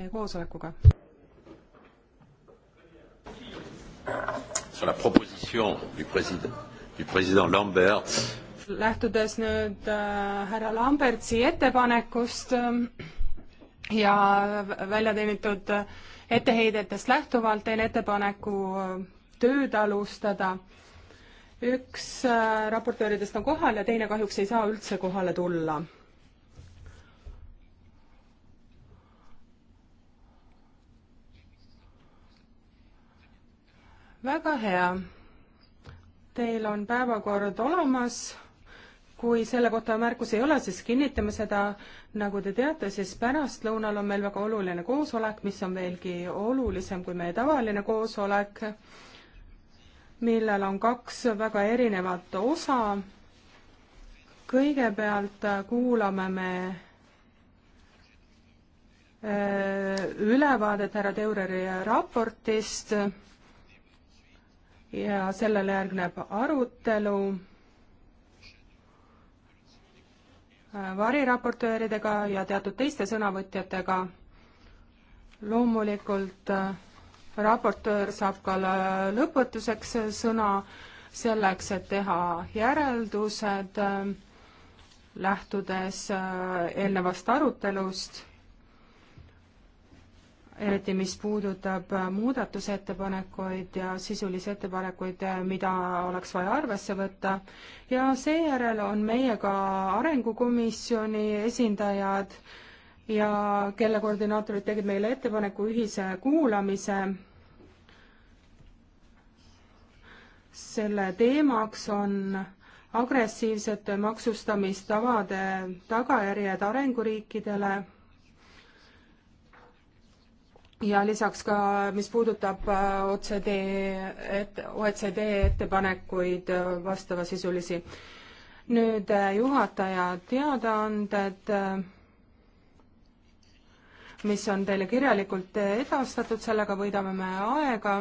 meie koosolekuga. Sur la proposition du président, du président Lambert. lähtudes nüüd äh, härra Lambertsi ettepanekust äh, ja välja teenitud äh, etteheidetest lähtuvalt teen ettepaneku äh, tööd alustada üks äh, raportööridest on kohal ja teine kahjuks ei saa üldse kohale tulla väga hea. Teil on päevakord olemas. kui selle kohta märkusi ei ole, siis kinnitame seda. nagu te teate, siis pärastlõunal on meil väga oluline koosolek, mis on veelgi olulisem kui meie tavaline koosolek, millel on kaks väga erinevat osa. kõigepealt kuulame me äh, ülevaadet härra Teureri raportist ja sellele järgneb arutelu äh, variraportööridega ja teatud teiste sõnavõtjatega. loomulikult äh, raportöör saab ka lõpetuseks sõna selleks, et teha järeldused äh, lähtudes eelnevast arutelust eriti mis puudutab muudatusettepanekuid ja sisulisi ettepanekuid, mida oleks vaja arvesse võtta. ja seejärel on meiega Arengukomisjoni esindajad ja kelle koordinaatorid tegid meile ettepaneku ühise kuulamise. selle teemaks on agressiivsete maksustamistavade tagajärjed arenguriikidele ja lisaks ka, mis puudutab äh, OCD, et OECD ettepanekuid äh, vastavasisulisi. nüüd äh, juhataja teadaanded, mis on teile kirjalikult edastatud, sellega võidame me aega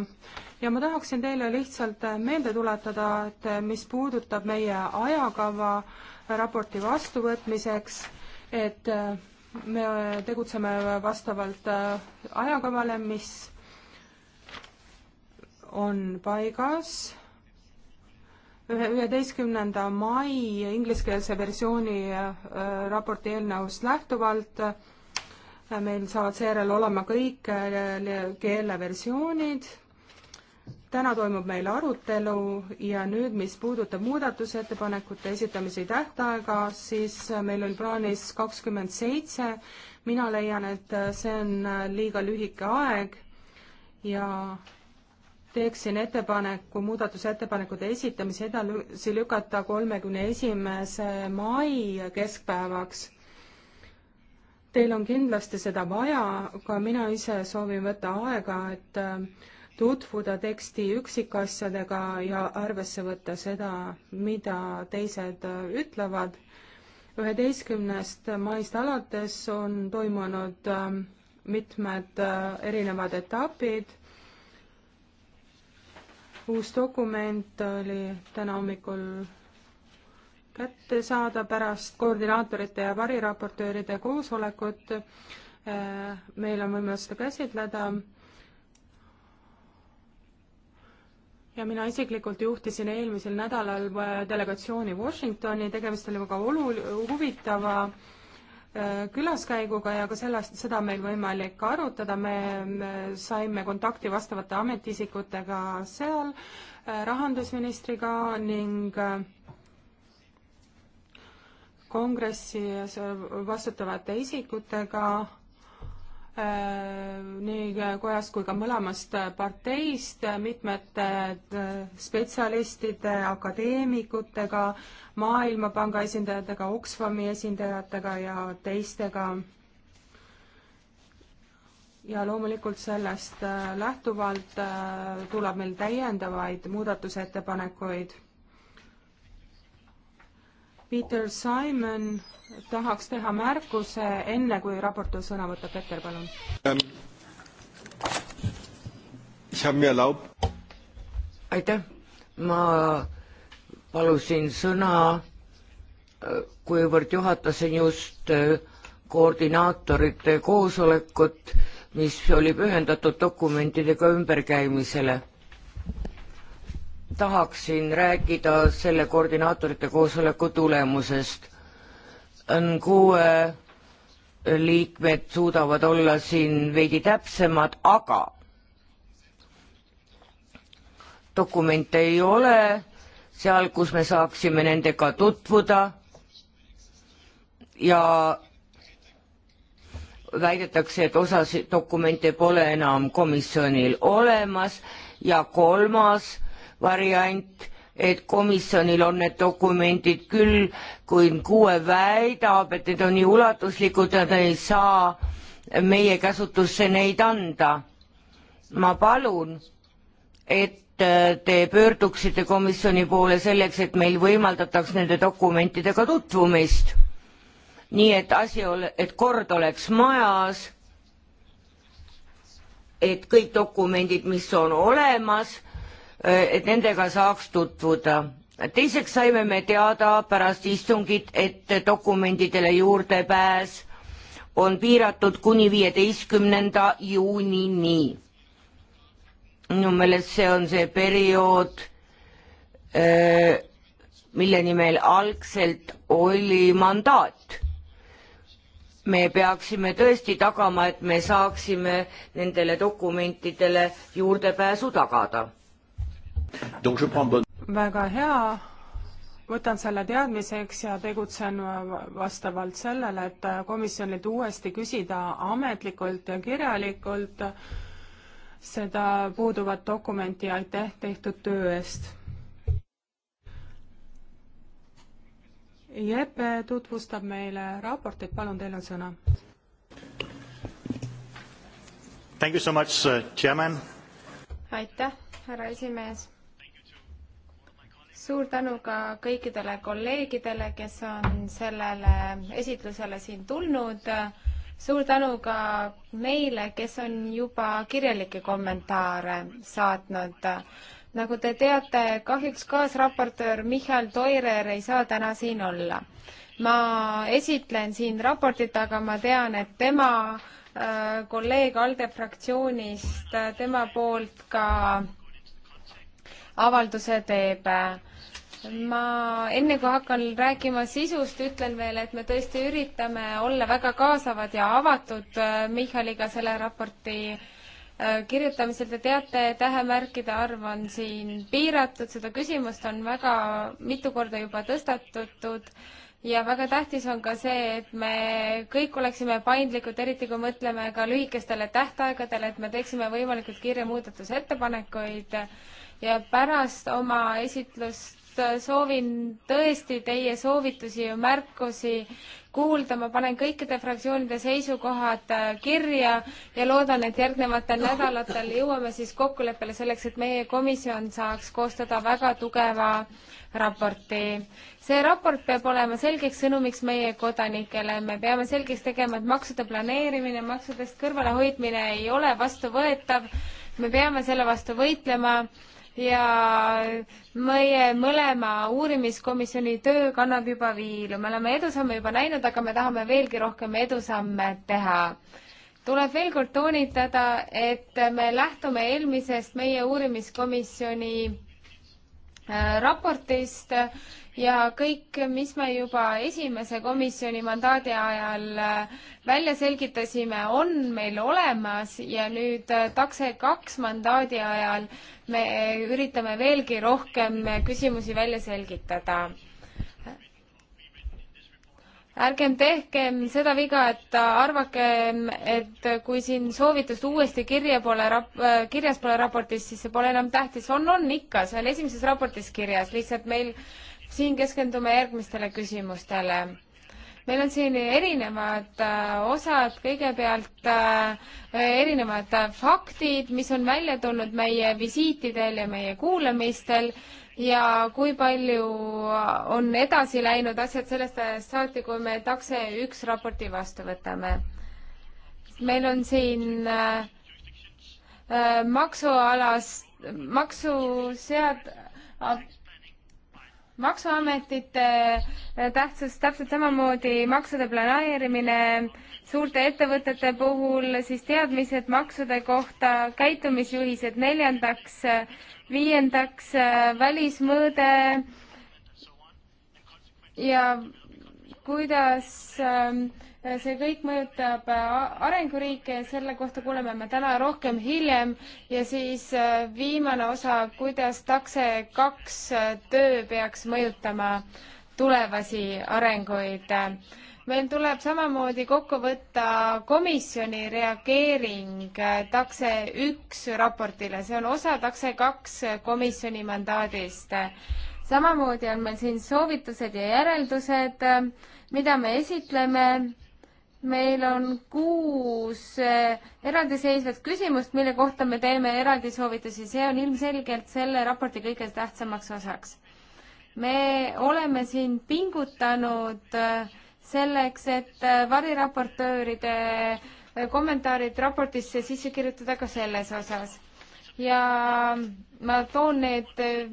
ja ma tahaksin teile lihtsalt meelde tuletada, et mis puudutab meie ajakava raporti vastuvõtmiseks, et me tegutseme vastavalt äh, ajakavale, mis on paigas. ühe, üheteistkümnenda mai ingliskeelse versiooni äh, raporti eelnõust lähtuvalt äh, meil saavad seejärel olema kõik keeleversioonid täna toimub meil arutelu ja nüüd, mis puudutab muudatusettepanekute esitamise tähtaega, siis meil on plaanis kakskümmend seitse. mina leian, et see on liiga lühike aeg ja teeksin ettepaneku muudatusettepanekute esitamise edasi lükata kolmekümne esimese mai keskpäevaks. Teil on kindlasti seda vaja, ka mina ise soovin võtta aega, et tutvuda teksti üksikasjadega ja arvesse võtta seda, mida teised äh, ütlevad. üheteistkümnest maist alates on toimunud ähm, mitmed äh, erinevad etapid. uus dokument oli täna hommikul kätte saada pärast koordinaatorite ja variraportööride koosolekut. Äh, meil on võimalus seda käsitleda ja mina isiklikult juhtisin eelmisel nädalal äh, delegatsiooni Washingtoni, tegemist oli väga olu-, huvitava äh, külaskäiguga ja ka sellest, seda on meil võimalik arutada, me saime kontakti vastavate ametiisikutega seal, äh, rahandusministriga ning kongressi vastutavate isikutega Äh, nii kojast kui ka mõlemast parteist, mitmete äh, spetsialistide, akadeemikutega, Maailmapanga esindajatega, Oxfami esindajatega ja teistega. ja loomulikult sellest äh, lähtuvalt tuleb meil täiendavaid muudatusettepanekuid Peter Simon tahaks teha märkuse enne, kui raportöör sõna võtab. Peeter, palun ähm,. aitäh, ma palusin sõna, äh, kuivõrd juhatasin just äh, koordinaatorite koosolekut, mis oli pühendatud dokumentidega ümberkäimisele tahaksin rääkida selle koordinaatorite koosoleku tulemusest. kuue liikmed suudavad olla siin veidi täpsemad, aga dokumente ei ole seal, kus me saaksime nendega tutvuda ja väidetakse, et osa dokumente pole enam komisjonil olemas ja kolmas variant, et komisjonil on need dokumendid küll, kuid kuue väidab, et need on nii ulatuslikud, nad ei saa meie käsutusse neid anda. ma palun, et te pöörduksite komisjoni poole selleks, et meil võimaldataks nende dokumentidega tutvumist. nii et asi ole, et kord oleks majas, et kõik dokumendid, mis on olemas Äh, et nendega saaks tutvuda. teiseks saime me teada pärast istungit, et dokumentidele juurdepääs on piiratud kuni viieteistkümnenda juunini. minu meelest see on see periood, äh, milleni meil algselt oli mandaat me peaksime tõesti tagama, et me saaksime nendele dokumentidele juurdepääsu tagada väga hea, võtan selle teadmiseks ja tegutsen vastavalt sellele, et komisjonilt uuesti küsida ametlikult ja kirjalikult seda puuduvat dokumenti, aitäh tehtud töö eest. Jeppe tutvustab meile raportit, palun, teil on sõna. Thank you so much uh,, chairman. aitäh, härra esimees suur tänu ka kõikidele kolleegidele, kes on sellele esitlusele siin tulnud. suur tänu ka neile, kes on juba kirjalikke kommentaare saatnud. nagu te teate, kahjuks kaasraportöör Michal Toirer ei saa täna siin olla. ma esitlen siin raportit, aga ma tean, et tema äh, kolleeg ALDE fraktsioonist, äh, tema poolt ka avalduse teeb. ma enne kui hakkan rääkima sisust, ütlen veel, et me tõesti üritame olla väga kaasavad ja avatud äh, Michaliga selle raporti äh, kirjutamisel te teate, tähemärkide arv on siin piiratud, seda küsimust on väga mitu korda juba tõstatatud ja väga tähtis on ka see, et me kõik oleksime paindlikud, eriti kui mõtleme ka lühikestele tähtaegadele, et me teeksime võimalikult kiire muudatusettepanekuid ja pärast oma esitlust äh, soovin tõesti teie soovitusi ja märkusi kuulda, ma panen kõikide fraktsioonide seisukohad äh, kirja ja loodan, et järgnevatel nädalatel jõuame siis kokkuleppele selleks, et meie komisjon saaks koostada väga tugeva raporti. see raport peab olema selgeks sõnumiks meie kodanikele, me peame selgeks tegema, et maksude planeerimine, maksudest kõrvalehoidmine ei ole vastuvõetav, me peame selle vastu võitlema ja meie mõlema uurimiskomisjoni töö kannab juba viilu. me oleme edusamme juba näinud, aga me tahame veelgi rohkem edusamme teha tuleb veel kord toonitada, et me lähtume eelmisest meie uurimiskomisjoni Äh, raportist ja kõik, mis me juba esimese komisjoni mandaadi ajal äh, välja selgitasime, on meil olemas ja nüüd äh, takse kaks mandaadi ajal me üritame veelgi rohkem küsimusi välja selgitada ärgem tehkem seda viga, et arvakem, et kui siin soovitust uuesti kirja pole, äh, kirjas pole raportis, siis see pole enam tähtis. on, on ikka, see on esimeses raportis kirjas, lihtsalt meil siin keskendume järgmistele küsimustele meil on siin erinevad äh, osad, kõigepealt äh, erinevad faktid, mis on välja tulnud meie visiitidel ja meie kuulamistel ja kui palju on edasi läinud asjad sellest ajast saati, kui me takse üks raporti vastu võtame. meil on siin äh, äh maksualast, maksusead- äh,, maksuametite tähtsus täpselt samamoodi maksude planeerimine äh,, suurte ettevõtete puhul siis teadmised maksude kohta, käitumisjuhised neljandaks, viiendaks välismõõde ja kuidas ähm, see kõik mõjutab äh, arenguriike ja selle kohta kuuleme me täna rohkem hiljem ja siis äh, viimane osa, kuidas takse kaks äh, töö peaks mõjutama tulevasi arenguid meil tuleb samamoodi kokku võtta komisjoni reageering äh, takse üks raportile, see on osa takse kaks komisjoni mandaadist. samamoodi on meil siin soovitused ja järeldused, äh, mida me esitleme. meil on kuus äh, eraldiseisvat küsimust, mille kohta me teeme eraldi soovitusi, see on ilmselgelt selle raporti kõige tähtsamaks osaks. me oleme siin pingutanud äh, selleks, et äh, variraportööride äh, kommentaarid raportisse sisse kirjutada ka selles osas. ja ma toon need äh,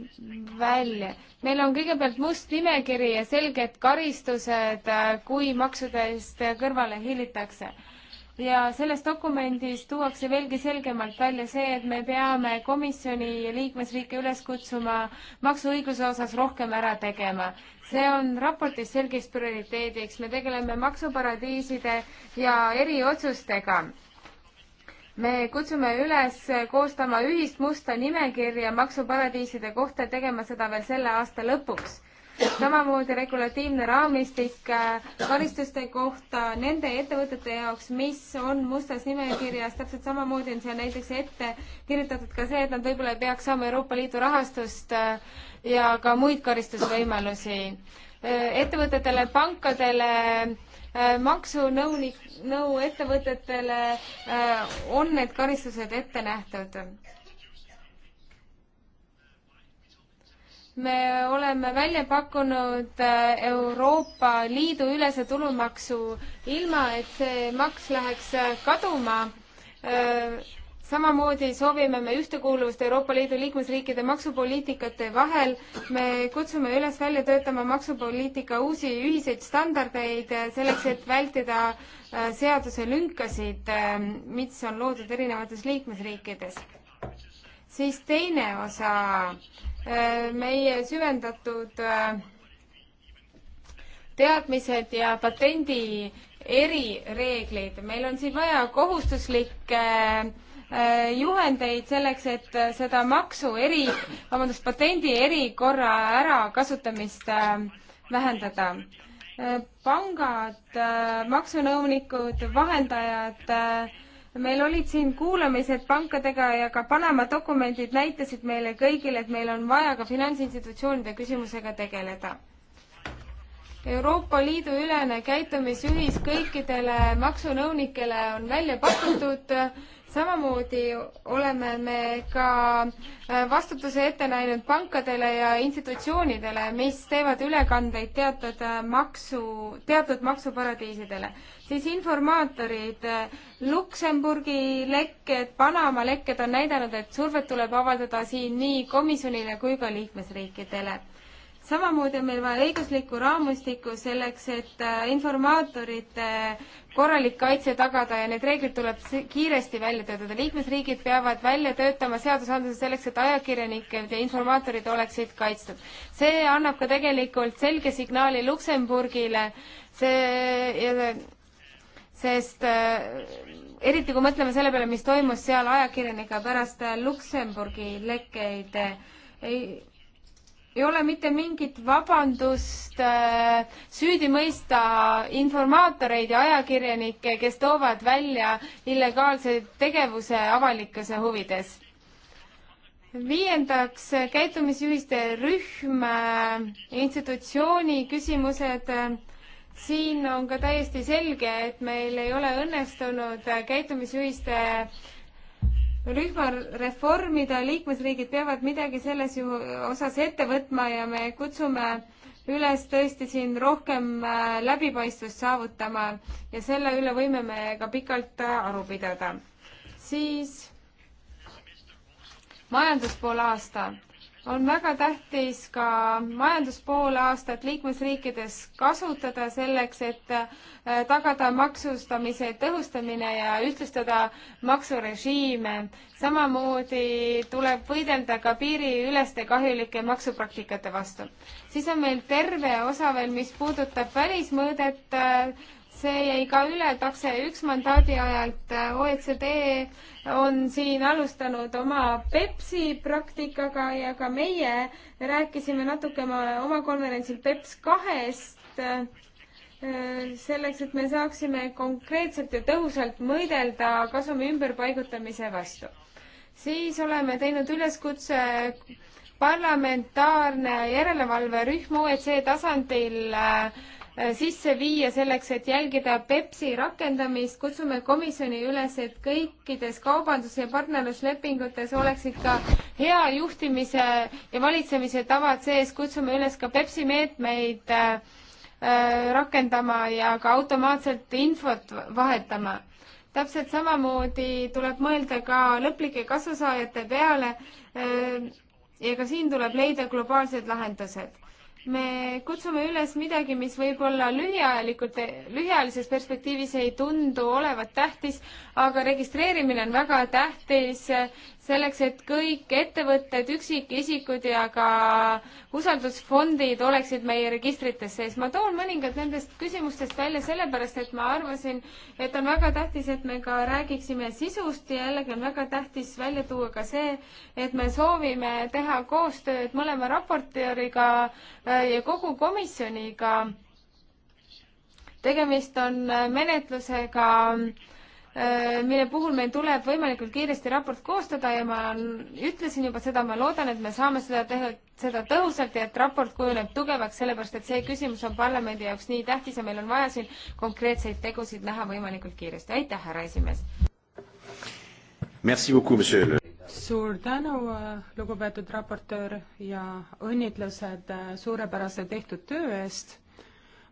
välja. meil on kõigepealt must nimekiri ja selged karistused, kui maksudest kõrvale hiilitakse ja selles dokumendis tuuakse veelgi selgemalt välja see, et me peame komisjoni ja liikmesriike üles kutsuma maksuõigluse osas rohkem ära tegema. see on raportis selgeks prioriteediks, me tegeleme maksuparadiiside ja eriotsustega me kutsume üles koostama ühist musta nimekirja maksuparadiiside kohta, tegema seda veel selle aasta lõpuks samamoodi regulatiivne raamistik äh, karistuste kohta nende ettevõtete jaoks, mis on mustas nimekirjas, täpselt samamoodi on seal näiteks ette kirjutatud ka see, et nad võib-olla ei peaks saama Euroopa Liidu rahastust äh, ja ka muid karistusvõimalusi. Äh, ettevõtetele, pankadele maksunõunik, nõu ettevõtetele on need karistused ette nähtud. me oleme välja pakkunud äh, Euroopa Liidu ülese tulumaksu, ilma et see maks läheks äh, kaduma. Äh, samamoodi soovime me ühtekuuluvust Euroopa Liidu liikmesriikide maksupoliitikate vahel. me kutsume üles välja töötama maksupoliitika uusi ühiseid standardeid selleks, et vältida seaduse lünkasid, mis on loodud erinevates liikmesriikides. siis teine osa meie süvendatud äh, teadmised ja patendi erireeglid, meil on siin vaja kohustuslikke äh, juhendeid selleks, et seda maksu eri, vabandust, patendi erikorra ärakasutamist äh, vähendada. pangad, maksunõunikud, vahendajad meil olid siin kuulamised pankadega ja ka Panama dokumendid näitasid meile kõigile, et meil on vaja ka finantsinstitutsioonide küsimusega tegeleda. Euroopa Liidu ülene käitumisjuhis kõikidele maksunõunikele on välja pakutud samamoodi oleme me ka äh, vastutuse ette näinud pankadele ja institutsioonidele, mis teevad ülekandeid teatud äh, maksu, teatud maksuparadiisidele. siis informaatorid, äh, Luksemburgi lekked, Panama lekked on näidanud, et survet tuleb avaldada siin nii komisjonile kui ka liikmesriikidele samamoodi on meil vaja õiguslikku raamistikku selleks, et äh, informaatorite korralik kaitse tagada ja need reeglid tuleb kiiresti välja töötada. liikmesriigid peavad välja töötama seadusandluse selleks, et ajakirjanikud ja informaatorid oleksid kaitstud. see annab ka tegelikult selge signaali Luksemburgile, see, sest äh, eriti kui mõtleme selle peale, mis toimus seal ajakirjanikega pärast äh, Luksemburgi lekkeid, ei ei ole mitte mingit vabandust äh, süüdi mõista informaatoreid ja ajakirjanikke, kes toovad välja illegaalse tegevuse avalikkuse huvides. viiendaks, käitumisjuhiste rühm, äh, institutsiooni küsimused siin on ka täiesti selge, et meil ei ole õnnestunud käitumisjuhiste rühma reformida, liikmesriigid peavad midagi selles ju osas ette võtma ja me kutsume üles tõesti siin rohkem äh, läbipaistvust saavutama ja selle üle võime me ka pikalt äh, aru pidada. siis majanduspoolaasta on väga tähtis ka majanduspool aastat liikmesriikides kasutada selleks, et äh, tagada maksustamise tõhustamine ja ühtlustada maksurežiime. samamoodi tuleb võidelda ka piiriüleste kahjulike maksupraktikate vastu. siis on meil terve osa veel, mis puudutab välismõõdet, äh, see jäi ka üle takse üks mandaadi ajalt. Äh, OECD on siin alustanud oma Pepsi praktikaga ja ka meie rääkisime natuke oma konverentsil Peps kahest äh, selleks, et me saaksime konkreetselt ja tõhusalt mõidelda kasumi ümberpaigutamise vastu. siis oleme teinud üleskutse parlamentaarne järelevalverühm OECD tasandil äh, Äh, sisse viia selleks, et jälgida Pepsi rakendamist. kutsume komisjoni üles, et kõikides kaubandus- ja partnerluslepingutes oleksid ka hea juhtimise ja valitsemise tavad sees. kutsume üles ka Pepsi meetmeid äh, äh rakendama ja ka automaatselt infot vahetama. täpselt samamoodi tuleb mõelda ka lõplike kasusaajate peale äh, ja ka siin tuleb leida globaalsed lahendused me kutsume üles midagi, mis võib-olla lühiajalikult, lühiajalises perspektiivis ei tundu olevat tähtis, aga registreerimine on väga tähtis selleks, et kõik ettevõtted, üksikisikud ja ka usaldusfondid oleksid meie registrites sees. ma toon mõningad nendest küsimustest välja sellepärast, et ma arvasin, et on väga tähtis, et me ka räägiksime sisust ja jällegi on väga tähtis välja tuua ka see, et me soovime teha koostööd mõlema raportööriga äh, ja kogu komisjoniga. tegemist on menetlusega äh, Äh, mille puhul meil tuleb võimalikult kiiresti raport koostada ja ma ütlesin juba seda, ma loodan, et me saame seda teha, seda tõhusalt ja et raport kujuneb tugevaks, sellepärast et see küsimus on parlamendi jaoks nii tähtis ja meil on vaja siin konkreetseid tegusid näha võimalikult kiiresti. aitäh, härra esimees! suur tänu, lugupeetud raportöör ja õnnitlused suurepärase tehtud töö eest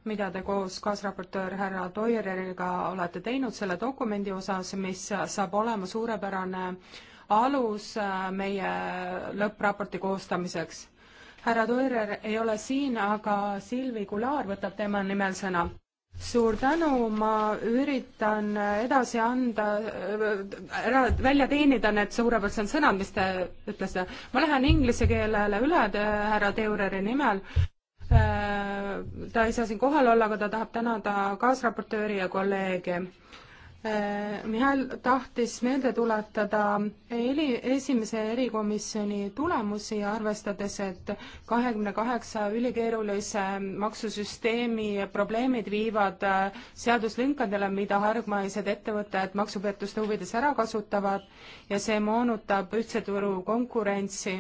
mida te koos kaasraportöör härra Toireriga olete teinud selle dokumendi osas, mis saab olema suurepärane alus äh, meie lõppraporti koostamiseks. härra Toirer ei ole siin, aga Silvi Kular võtab tema nimel sõna. suur tänu, ma üritan edasi anda, äh, ära, välja teenida need suurepärased sõnad, mis te ütlesite. ma lähen inglise keelele üle härra Teureri nimel ta ei saa siin kohal olla, aga ta tahab tänada kaasraportööri ja kolleege. Äh, Mihhail tahtis meelde tuletada eri, esimese erikomisjoni tulemusi, arvestades, et kahekümne kaheksa ülikeerulise maksusüsteemi probleemid viivad äh, seaduslünkadele, mida hargmaised ettevõtted maksupettuste huvides ära kasutavad ja see moonutab ühtse turu konkurentsi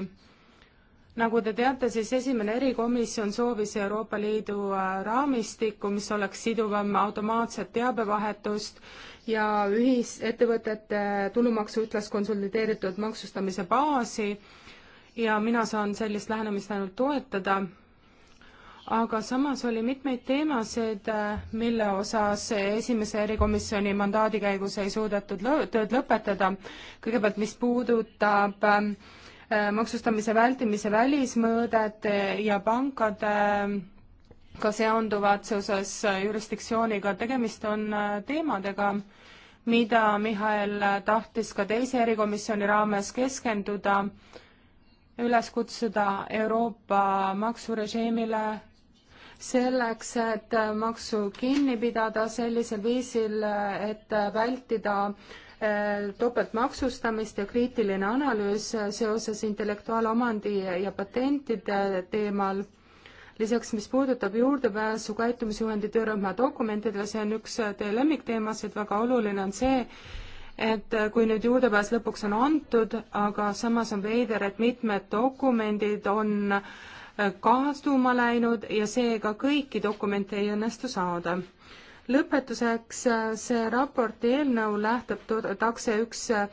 nagu te teate, siis esimene erikomisjon soovis Euroopa Liidu äh, raamistikku, mis oleks siduvam automaatset teabevahetust ja ühisettevõtete tulumaksu ütles konsolideeritud maksustamise baasi ja mina saan sellist lähenemist ainult toetada, aga samas oli mitmeid teemasid, äh, mille osas esimese erikomisjoni mandaadi käigus ei suudetud lõ tööd lõpetada. kõigepealt, mis puudutab äh, Äh, maksustamise vältimise välismõõdet ja pankade äh, ka seonduvad seoses äh, jurisdiktsiooniga, tegemist on teemadega, mida Mihhail tahtis ka teise erikomisjoni raames keskenduda, üles kutsuda Euroopa maksurežiimile selleks, et maksu kinni pidada sellisel viisil, et vältida äh, Äh, topeltmaksustamist ja kriitiline analüüs seoses intellektuaalomandi ja patentide teemal. lisaks, mis puudutab juurdepääsu käitumisjuhendi töörühma dokumentidele, see on üks teie lemmikteemasid, väga oluline on see, et kui nüüd juurdepääs lõpuks on antud, aga samas on veider, et mitmed dokumendid on äh, kaastuma läinud ja seega kõiki dokumente ei õnnestu saada lõpetuseks, äh, see raporti eelnõu lähtub takse üks äh,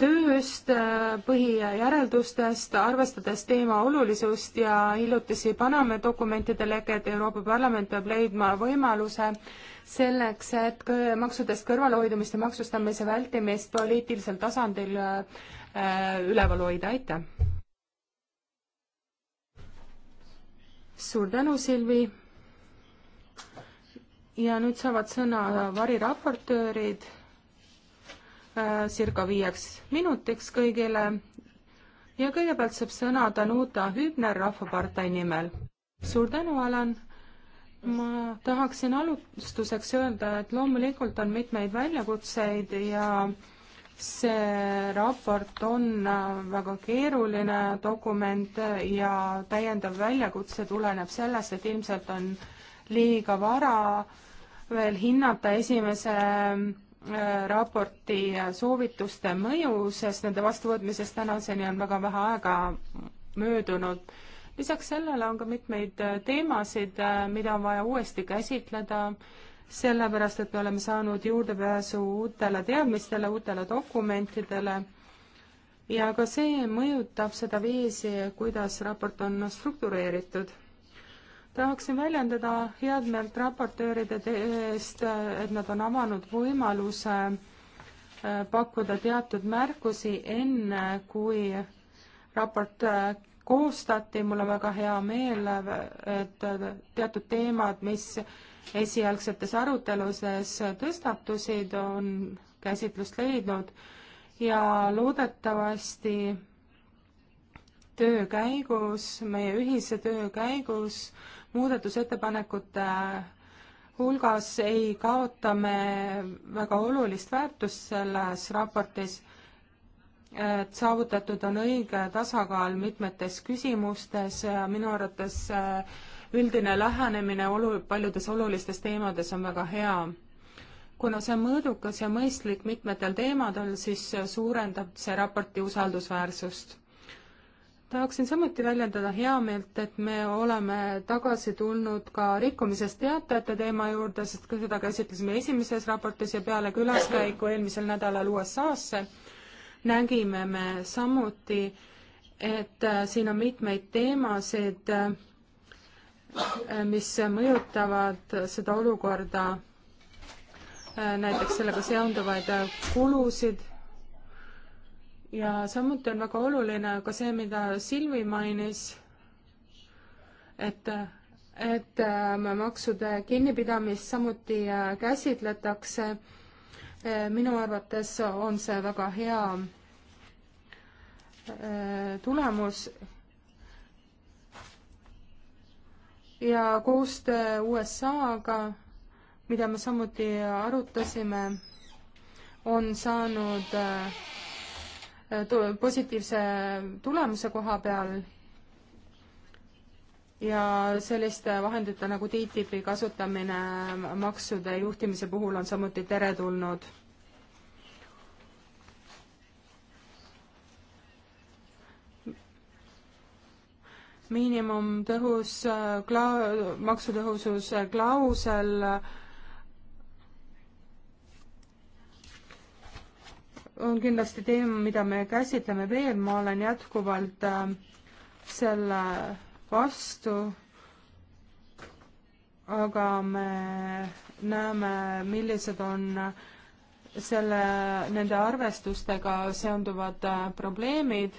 tööst, äh, põhijäreldustest, arvestades teema olulisust ja hiljutisi Panama dokumentide leket, Euroopa Parlament peab leidma võimaluse selleks, et maksudest kõrvalehoidumist ja maksustamise vältimist poliitilisel tasandil üleval hoida, aitäh! suur tänu, Silvi! ja nüüd saavad sõna variraportöörid äh, circa viieks minutiks kõigile ja kõigepealt saab sõna Danuta Hübner Rahvapartei nimel. suur tänu, Alan! ma tahaksin alustuseks öelda, et loomulikult on mitmeid väljakutseid ja see raport on äh, väga keeruline dokument ja täiendav väljakutse tuleneb sellest, et ilmselt on liiga vara äh, veel hinnata esimese äh, raporti soovituste mõju, sest nende vastuvõtmisest tänaseni on väga vähe aega möödunud. lisaks sellele on ka mitmeid äh, teemasid, äh, mida on vaja uuesti käsitleda, sellepärast et me oleme saanud juurdepääsu uutele teadmistele, uutele dokumentidele ja ka see mõjutab seda viisi, kuidas raport on struktureeritud tahaksin väljendada headmeelt raportööride eest, et nad on avanud võimaluse äh, pakkuda teatud märkusi enne, kui raport äh, koostati, mul on väga hea meel, et teatud teemad, mis esialgsetes aruteludes tõstatusid, on käsitlust leidnud ja loodetavasti töö käigus, meie ühise töö käigus muudatusettepanekute hulgas ei kaota me väga olulist väärtust selles raportis, et saavutatud on õige tasakaal mitmetes küsimustes ja minu arvates äh, üldine lähenemine olu-, paljudes olulistes teemades on väga hea. kuna see on mõõdukas ja mõistlik mitmetel teemadel, siis suurendab see raporti usaldusväärsust tahaksin samuti väljendada heameelt, et me oleme tagasi tulnud ka rikkumisest teatajate teema juurde, sest ka seda käsitlesime esimeses raportis ja peale külaskäiku eelmisel nädalal USA-sse nägime me samuti, et äh, siin on mitmeid teemasid, äh, mis mõjutavad seda olukorda, äh, näiteks sellega seonduvaid kulusid ja samuti on väga oluline ka see, mida Silvi mainis, et, et äh, maksude kinnipidamist samuti äh, käsitletakse. Äh, minu arvates on see väga hea tulemus ja koostöö USA-ga, mida me samuti arutasime, on saanud äh, positiivse tulemuse koha peal ja selliste vahendite nagu TTIP-i kasutamine maksude juhtimise puhul on samuti teretulnud. miinimum tõhus äh, kla-, maksutõhususe klausel äh, on kindlasti teema, mida me käsitleme veel, ma olen jätkuvalt äh, selle vastu, aga me näeme, millised on äh, selle, nende arvestustega seonduvad äh, probleemid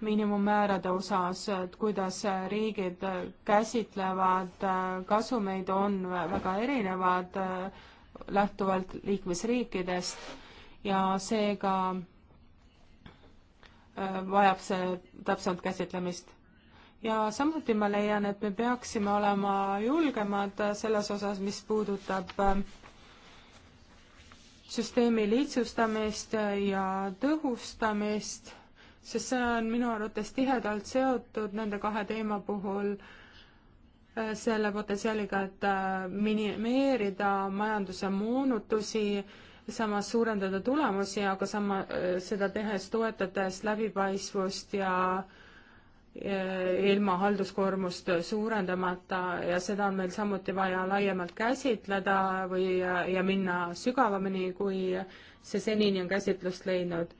miinimummäärade osas, et kuidas riigid käsitlevad kasumeid, on väga erinevad lähtuvalt liikmesriikidest ja seega äh, vajab see täpsemat käsitlemist ja samuti ma leian, et me peaksime olema julgemad selles osas, mis puudutab äh, süsteemi lihtsustamist ja tõhustamist, sest see on minu arvates tihedalt seotud nende kahe teema puhul äh, selle potentsiaaliga, et minimeerida majanduse moonutusi samas suurendada tulemusi, aga sama, äh, seda tehes toetades läbipaistvust ja ilma halduskoormust suurendamata ja seda on meil samuti vaja laiemalt käsitleda või, ja minna sügavamini, kui see senini on käsitlust leidnud.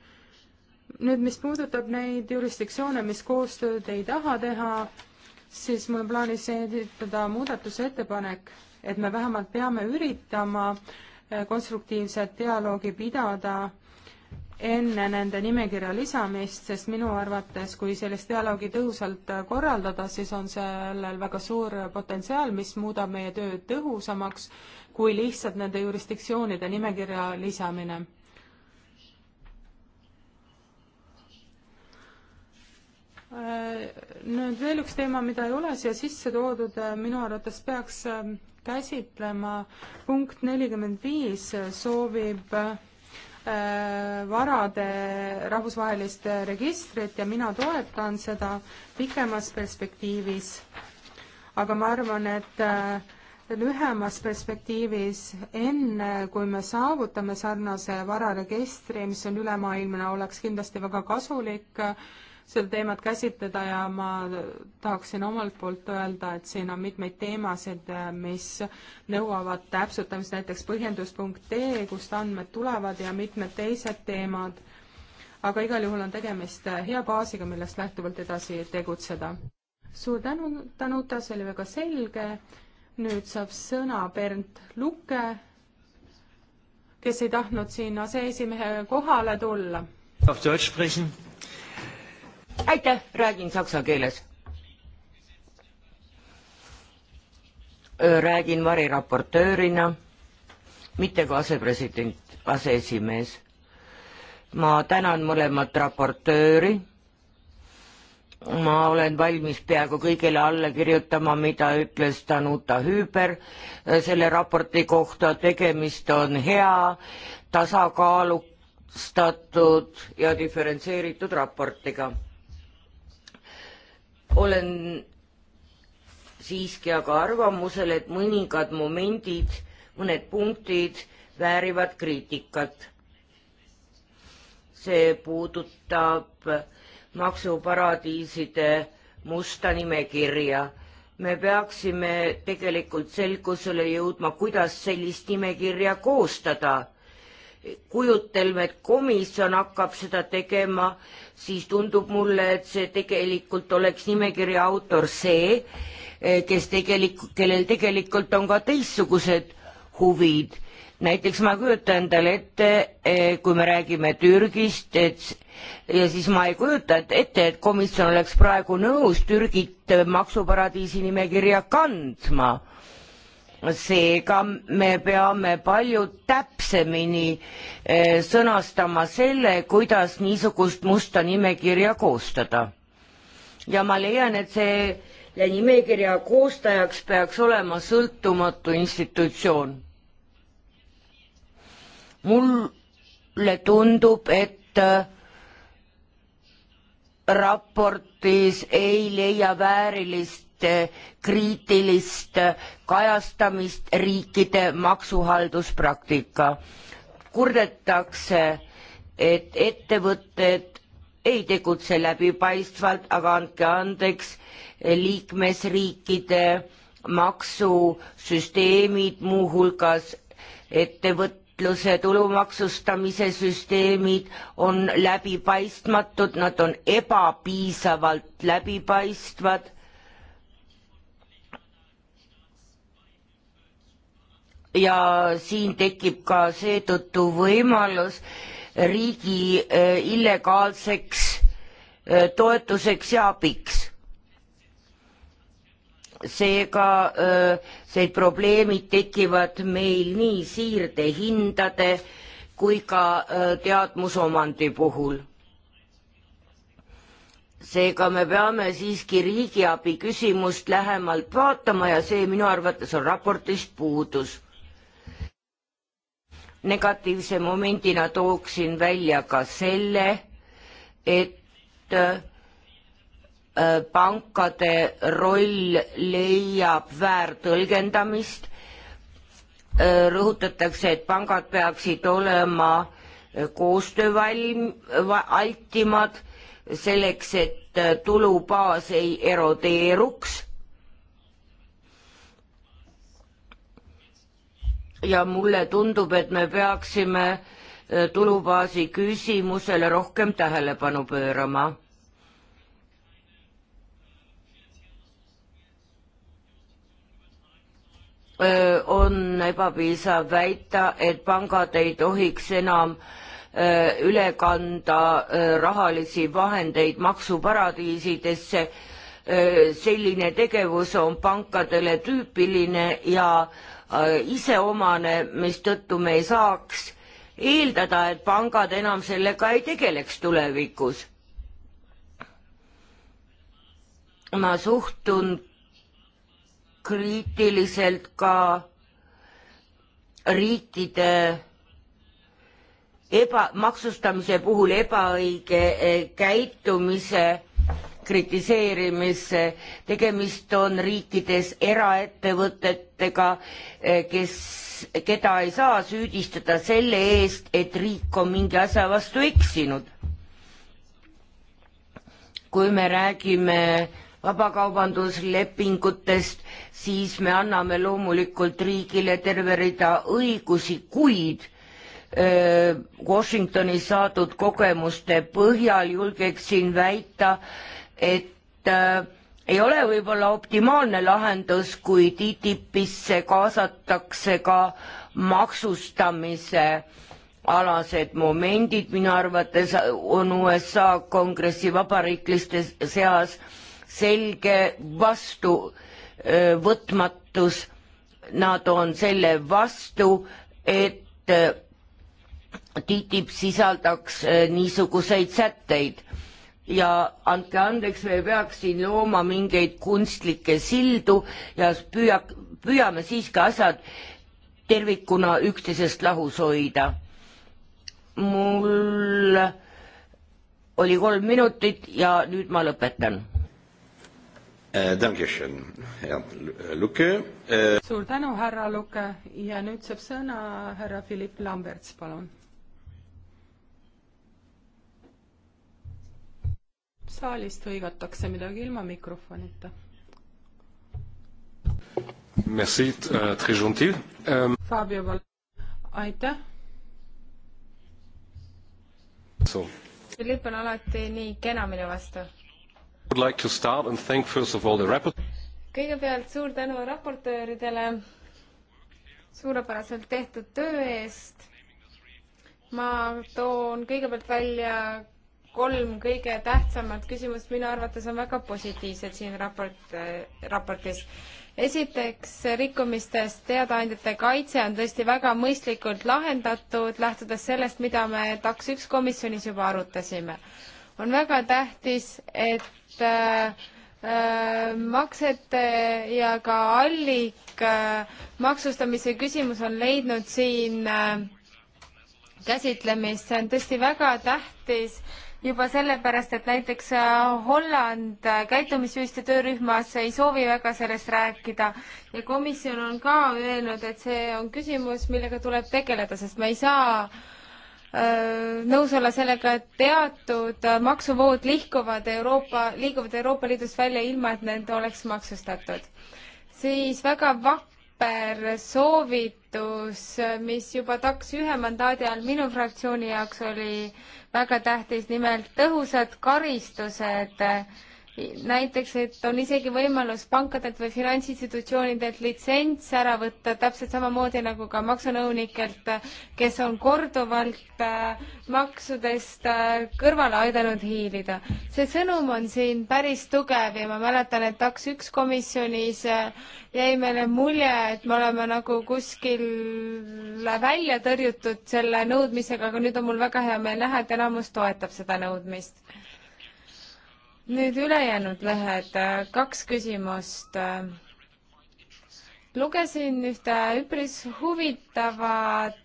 nüüd, mis puudutab neid jurisdiktsioone, mis koostööd ei taha teha, siis mul on plaanis esitada muudatusettepanek, et me vähemalt peame üritama äh, konstruktiivset dialoogi pidada enne nende nimekirja lisamist, sest minu arvates, kui sellist dialoogi tõhusalt korraldada, siis on sellel väga suur potentsiaal, mis muudab meie töö tõhusamaks kui lihtsalt nende jurisdiktsioonide nimekirja lisamine. Äh, nüüd veel üks teema, mida ei ole siia sisse toodud, äh, minu arvates peaks äh, käsitlema. punkt nelikümmend viis soovib varade rahvusvahelist registrit ja mina toetan seda pikemas perspektiivis. aga ma arvan, et lühemas perspektiivis, enne kui me saavutame sarnase vararegistri, mis on ülemaailmne, oleks kindlasti väga kasulik äh, seda teemat käsitleda ja ma tahaksin omalt poolt öelda, et siin on mitmeid teemasid, mis nõuavad täpsustamist, näiteks põhjendus.ee, kust andmed tulevad ja mitmed teised teemad, aga igal juhul on tegemist hea baasiga, millest lähtuvalt edasi tegutseda. suur tänu, Danuta, see oli väga selge, nüüd saab sõna Bernd Luke, kes ei tahtnud siin aseesimehe kohale tulla. auf Deutsch sprechen aitäh, räägin saksa keeles. räägin variraportöörina, mitte kui asepresident, aseesimees. ma tänan mõlemat raportööri. ma olen valmis peaaegu kõigele alla kirjutama, mida ütles Danuta Hüüber selle raporti kohta, tegemist on hea, tasakaalustatud ja diferentseeritud raportiga olen siiski aga arvamusel, et mõningad momendid, mõned punktid väärivad kriitikat. see puudutab maksuparadiiside musta nimekirja. me peaksime tegelikult selgusele jõudma, kuidas sellist nimekirja koostada kujutelme, et komisjon hakkab seda tegema, siis tundub mulle, et see tegelikult oleks nimekirja autor see, eh, kes tegelikult, kellel tegelikult on ka teistsugused huvid. näiteks ma ei kujuta endale ette, eh, kui me räägime Türgist, et ja siis ma ei kujuta ette, et komisjon oleks praegu nõus Türgit maksuparadiisi nimekirja kandma seega me peame palju täpsemini eh, sõnastama selle, kuidas niisugust musta nimekirja koostada. ja ma leian, et selle nimekirja koostajaks peaks olema sõltumatu institutsioon. mulle tundub, et eh, raportis ei leia väärilist Eh, kriitilist eh, kajastamist riikide maksuhalduspraktika. kurdetakse, et ettevõtted ei tegutse läbipaistvalt, aga andke andeks, eh, liikmesriikide maksusüsteemid, muuhulgas ettevõtluse tulumaksustamise süsteemid on läbipaistmatud, nad on ebapiisavalt läbipaistvad ja siin tekib ka seetõttu võimalus riigi eh, illegaalseks eh, toetuseks ja abiks. seega need eh, probleemid tekivad meil nii siirdehindade kui ka teadmusomandi puhul seega me peame siiski riigiabi küsimust lähemalt vaatama ja see minu arvates on raportist puudus negatiivse momendina tooksin välja ka selle, et äh, pankade roll leiab väärtõlgendamist. Äh, rõhutatakse, et pangad peaksid olema äh, koostöövalm-, altimad selleks, et tulubaas ei erodeeruks ja mulle tundub, et me peaksime äh, tulubaasi küsimusele rohkem tähelepanu pöörama. Äh, on ebapiisav väita, et pangad ei tohiks enam äh, üle kanda rahalisi vahendeid maksuparadiisidesse. selline tegevus on pankadele tüüpiline ja Äh, iseomane, mistõttu me ei saaks eeldada, et pangad enam sellega ei tegeleks tulevikus. ma suhtun kriitiliselt ka riikide eba, maksustamise puhul ebaõige äh, käitumise kritiseerimisse, tegemist on riikides eraettevõtetega, eh, kes, keda ei saa süüdistada selle eest, et riik on mingi asja vastu eksinud. kui me räägime vabakaubanduslepingutest, siis me anname loomulikult riigile terve rida õigusi, kuid eh, Washingtonis saadud kogemuste põhjal julgeksin väita, et äh, ei ole võib-olla optimaalne lahendus, kui TTIP-isse kaasatakse ka maksustamise alased momendid, minu arvates on USA kongressi vabariikliste seas selge vastuvõtmatus, äh, nad on selle vastu, et äh, TTIP sisaldaks äh, niisuguseid sätteid ja andke andeks, me ei peaks siin looma mingeid kunstlikke sildu ja püüa, püüame siiski asjad tervikuna üksteisest lahus hoida. mul oli kolm minutit ja nüüd ma lõpetan äh,. Eh, Dankeschön, hea Luke äh.... Eh, suur tänu, härra Luke ja nüüd saab sõna härra Philipp Lamberts, palun saalist hõigatakse midagi ilma mikrofonita. Merci, euh, très gentil um.... Fabio, aitäh. Philipp on alati nii kena minu vastu. Would like to start and thank first of all the raport-. kõigepealt suur tänu raportööridele suurepäraselt tehtud töö eest. ma toon kõigepealt välja kolm kõige tähtsamat küsimust minu arvates on väga positiivsed siin raport äh,, raportis. esiteks, rikkumistest teadaandjate kaitse on tõesti väga mõistlikult lahendatud, lähtudes sellest, mida me TAKS üks komisjonis juba arutasime. on väga tähtis, et äh, äh, maksete ja ka allik maksustamise küsimus on leidnud siin äh, käsitlemist, see on tõesti väga tähtis juba sellepärast, et näiteks äh, Holland äh, käitumisjuhiste töörühmas ei soovi väga sellest rääkida ja komisjon on ka öelnud, et see on küsimus, millega tuleb tegeleda, sest me ei saa öö, äh, nõus olla sellega, et teatud maksuvood liikuvad Euroopa, liiguvad Euroopa Liidust välja ilma, et need oleks maksustatud. siis väga vak-, supersoovitus, mis juba taks ühe mandaadi all minu fraktsiooni jaoks oli väga tähtis, nimelt tõhusad karistused äh, näiteks, et on isegi võimalus pankadelt või finantsinstitutsioonidelt litsents ära võtta, täpselt samamoodi nagu ka maksunõunikelt, kes on korduvalt äh, maksudest äh, kõrvale aidanud hiilida. see sõnum on siin päris tugev ja ma mäletan, et taks üks komisjonis äh, jäi meile mulje, et me oleme nagu kuskil välja tõrjutud selle nõudmisega, aga nüüd on mul väga hea meel näha, et enamus toetab seda nõudmist nüüd ülejäänud lehed, kaks küsimust. lugesin ühte üpris huvitavat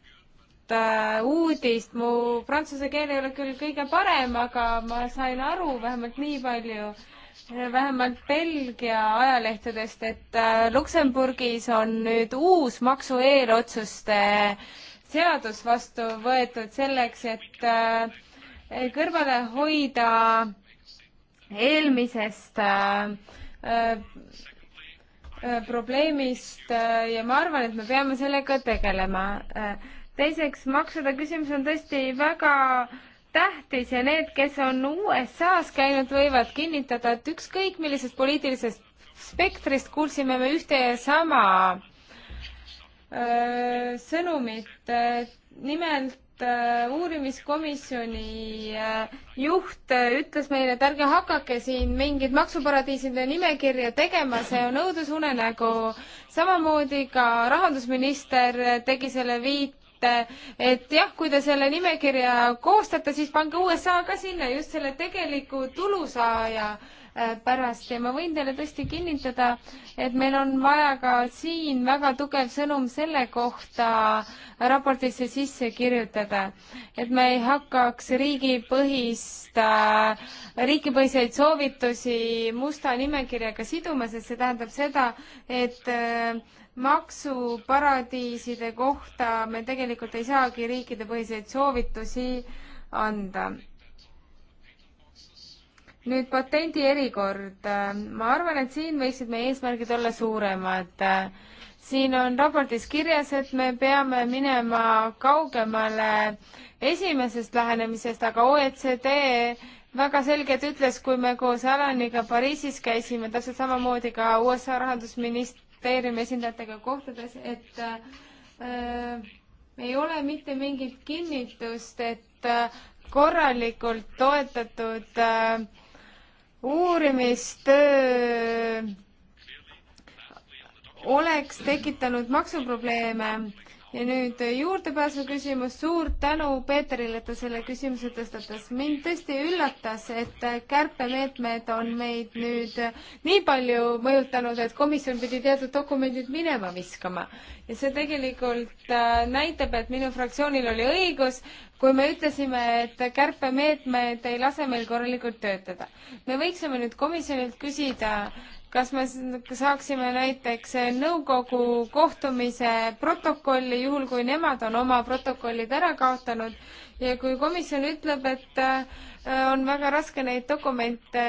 äh, uudist, mu prantsuse keel ei ole küll kõige parem, aga ma sain aru vähemalt nii palju, vähemalt Belgia ajalehtedest, et äh, Luksemburgis on nüüd uus maksu eelotsuste seadus vastu võetud selleks, et äh, kõrvale hoida äh, eelmisest äh, äh, äh, probleemist ja ma arvan, et me peame sellega tegelema. teiseks, maksude küsimus on tõesti väga tähtis ja need, kes on USA-s käinud, võivad kinnitada, et ükskõik millisest poliitilisest spektrist kuulsime me ühte ja sama sõnumit. nimelt Äh, uurimiskomisjoni äh, juht äh, ütles meile, et ärge hakake siin mingit maksuparadiiside nimekirja tegema, see on õudusunenägu. samamoodi ka rahandusminister tegi selle viite, et jah, kui te selle nimekirja koostate, siis pange USA ka sinna, just selle tegeliku tulusaaja Äh, pärast ja ma võin teile tõesti kinnitada, et meil on vaja ka siin väga tugev sõnum selle kohta raportisse sisse kirjutada, et me ei hakkaks riigipõhist, äh, riigipõhiseid soovitusi musta nimekirjaga siduma, sest see tähendab seda, et äh, maksuparadiiside kohta me tegelikult ei saagi riikidepõhiseid soovitusi anda nüüd patendi erikord, ma arvan, et siin võiksid meie eesmärgid olla suuremad. siin on raportis kirjas, et me peame minema kaugemale esimesest lähenemisest, aga OECD väga selgelt ütles, kui me koos Alaniga Pariisis käisime, täpselt samamoodi ka USA rahandusministeeriumi esindajatega kohtades, et äh, ei ole mitte mingit kinnitust, et äh, korralikult toetatud äh, uurimistöö oleks tekitanud maksuprobleeme ja nüüd juurdepääsu küsimus, suur tänu Peeterile, et ta selle küsimuse tõstatas. mind tõesti üllatas, et kärpemeetmed on meid nüüd nii palju mõjutanud, et komisjon pidi teatud dokumendid minema viskama. ja see tegelikult äh, näitab, et minu fraktsioonil oli õigus, kui me ütlesime, et kärpemeetmed ei lase meil korralikult töötada. me võiksime nüüd komisjonilt küsida, kas me saaksime näiteks nõukogu kohtumise protokolli, juhul kui nemad on oma protokollid ära kaotanud ja kui komisjon ütleb, et äh, on väga raske neid dokumente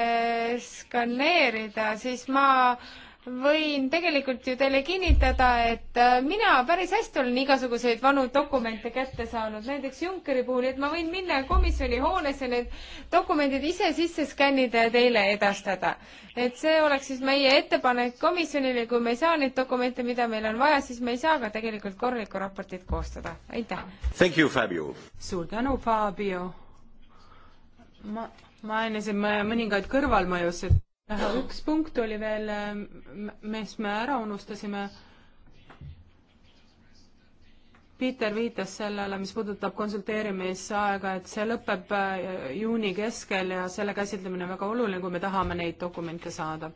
skaneerida, siis ma äh, võin tegelikult ju teile kinnitada, et äh, mina päris hästi olen igasuguseid vanu dokumente kätte saanud, näiteks Junckeri puhul, et ma võin minna komisjoni hoonesse need dokumendid ise sisse skännida ja teile edastada. et see oleks siis meie ettepanek komisjonile, kui me ei saa neid dokumente, mida meil on vaja, siis me ei saa ka tegelikult korralikku raportit koostada. aitäh! suur tänu, Fabio! ma mainisin mõningaid kõrvalmõjusid üks punkt oli veel, ähm, mis me ära unustasime. Peter viitas sellele, mis puudutab konsulteerimisaega, et see lõpeb äh, juuni keskel ja selle käsitlemine on väga oluline, kui me tahame neid dokumente saada.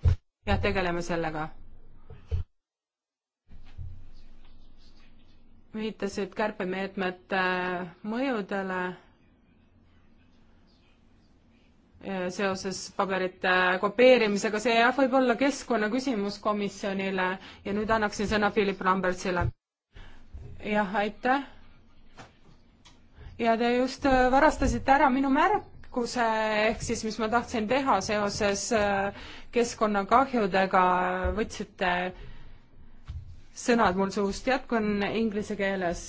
jah, tegeleme sellega. viitasid kärpemeetmete äh, mõjudele Äh, seoses paberite kopeerimisega, see jah, võib olla keskkonnaküsimus komisjonile ja nüüd annaksin sõna Philip Lambertsile. jah, aitäh. ja te just äh, varastasite ära minu märkuse, ehk siis mis ma tahtsin teha seoses äh, keskkonnakahjudega, võtsite sõnad mul suust, jätkan inglise keeles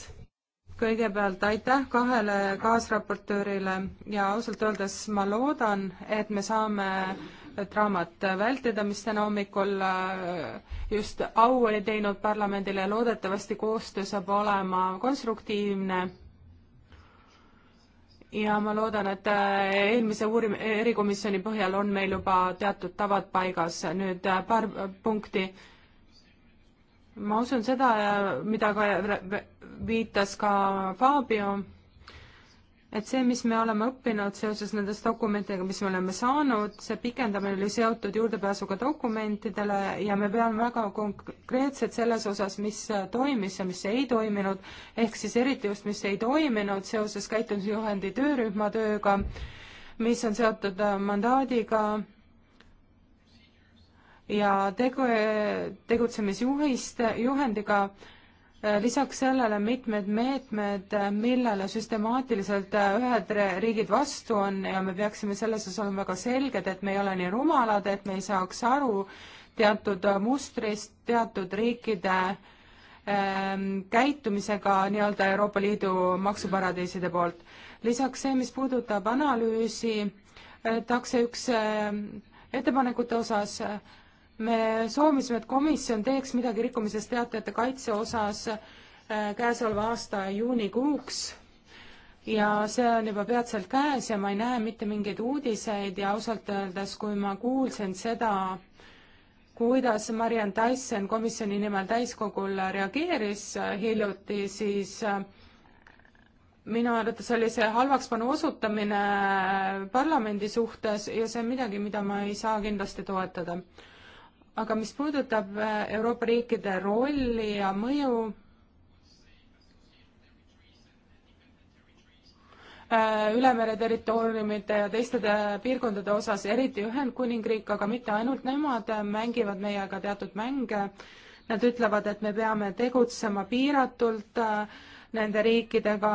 kõigepealt aitäh kahele kaasraportöörile ja ausalt öeldes ma loodan, et me saame draamat vältida, mis täna hommikul äh, just au ei teinud parlamendile ja loodetavasti koostöö saab olema konstruktiivne. ja ma loodan, et äh, eelmise uurim-, erikomisjoni põhjal on meil juba teatud tavad paigas, nüüd äh, paar punkti ma usun seda, mida ka viitas ka Fabio, et see, mis me oleme õppinud seoses nendes dokumentidega, mis me oleme saanud, see pikendamine oli seotud juurdepääsuga dokumentidele ja me peame väga konkreetsed selles osas, mis toimis ja mis ei toiminud, ehk siis eriti just, mis ei toiminud seoses käitumisjuhendi töörühma tööga, mis on seotud äh, mandaadiga ja tegu, tegutsemisjuhiste, juhendiga Äh, lisaks sellele mitmed meetmed, äh, millele süstemaatiliselt äh, ühed riigid vastu on ja me peaksime selles osas olema väga selged, et me ei ole nii rumalad, et me ei saaks aru teatud mustrist, teatud riikide ähm, käitumisega nii-öelda Euroopa Liidu maksuparadiiside poolt. lisaks see, mis puudutab analüüsi, tahaks üks äh, ettepanekute osas äh, me soovisime, et komisjon teeks midagi rikkumisest teatajate kaitse osas äh, käesoleva aasta juunikuuks ja see on juba peatselt käes ja ma ei näe mitte mingeid uudiseid ja ausalt öeldes, kui ma kuulsin seda, kuidas Mariann Tyson komisjoni nimel täiskogul reageeris äh, hiljuti, siis äh, minu arvates oli see halvakspanu osutamine parlamendi suhtes ja see on midagi, mida ma ei saa kindlasti toetada aga mis puudutab äh, Euroopa riikide rolli ja mõju, äh, üle mere territooriumide ja teiste äh, piirkondade osas, eriti Ühendkuningriik, aga mitte ainult nemad, mängivad meiega teatud mänge. Nad ütlevad, et me peame tegutsema piiratult nende riikidega,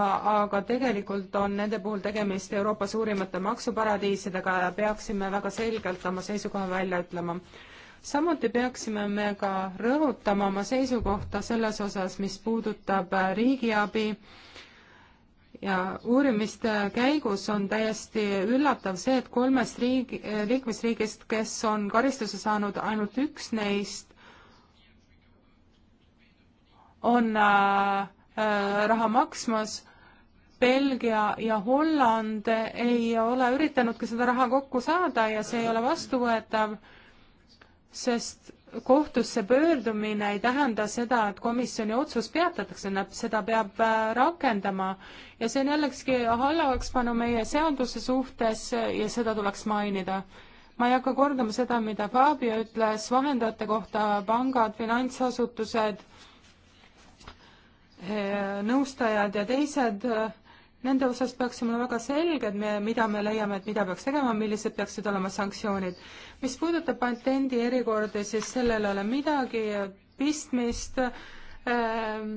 aga tegelikult on nende puhul tegemist Euroopa suurimate maksuparadiisidega ja peaksime väga selgelt oma seisukoha välja ütlema samuti peaksime me ka rõhutama oma seisukohta selles osas, mis puudutab äh, riigiabi ja uurimiste käigus on täiesti üllatav see, et kolmest riigi, äh, liikmesriigist, kes on karistuse saanud, ainult üks neist on äh, äh raha maksmas. Belgia ja Holland ei ole üritanudki seda raha kokku saada ja see ei ole vastuvõetav äh, sest kohtusse pöördumine ei tähenda seda, et komisjoni otsus peatatakse, nad seda peab äh, rakendama ja see on jällegi halvakspanu meie seaduse suhtes ja seda tuleks mainida. ma ei hakka kordama seda, mida Fabio ütles vahendajate kohta, pangad, finantsasutused, eh, nõustajad ja teised Nende osas peaksime olema väga selged, me, mida me leiame, et mida peaks tegema, millised peaksid olema sanktsioonid. mis puudutab patendi erikordi, siis sellel ei ole midagi pistmist ähm,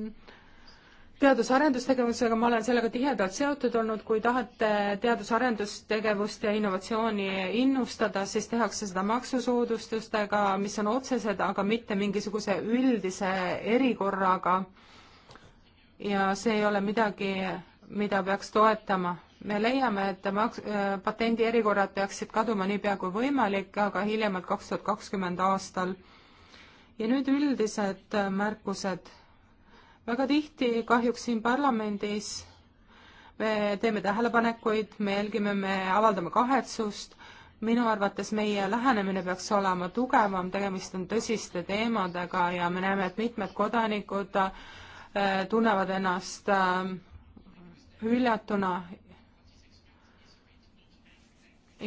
teadus-arendustegevusega ma olen sellega tihedalt seotud olnud, kui tahate teadus-arendustegevust ja innovatsiooni innustada, siis tehakse seda maksusoodustustega, mis on otsesed, aga mitte mingisuguse üldise erikorraga. ja see ei ole midagi mida peaks toetama. me leiame, et maks-, äh, patendi erikorrad peaksid kaduma niipea kui võimalik, aga hiljemalt kaks tuhat kakskümmend aastal. ja nüüd üldised äh, märkused. väga tihti kahjuks siin parlamendis me teeme tähelepanekuid, me jälgime, me avaldame kahetsust, minu arvates meie lähenemine peaks olema tugevam, tegemist on tõsiste teemadega ja me näeme, et mitmed kodanikud äh, tunnevad ennast äh, hüljatuna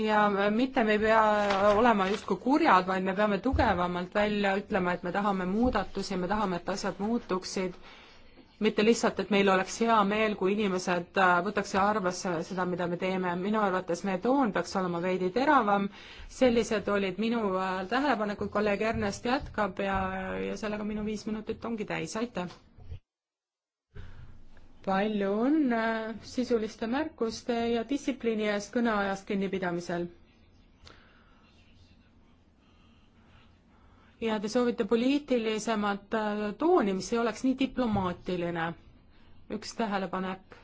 ja mitte me ei pea olema justkui kurjad, vaid me peame tugevamalt välja ütlema, et me tahame muudatusi, me tahame, et asjad muutuksid, mitte lihtsalt, et meil oleks hea meel, kui inimesed äh, võtaks arvesse seda, mida me teeme. minu arvates meie toon peaks olema veidi teravam, sellised olid minu äh, tähelepanekud, kolleeg Ernest jätkab ja, ja sellega minu viis minutit ongi täis, aitäh! palju õnne sisuliste märkuste ja distsipliini eest kõneajast kinnipidamisel. ja te soovite poliitilisemat äh, tooni, mis ei oleks nii diplomaatiline. üks tähelepanek,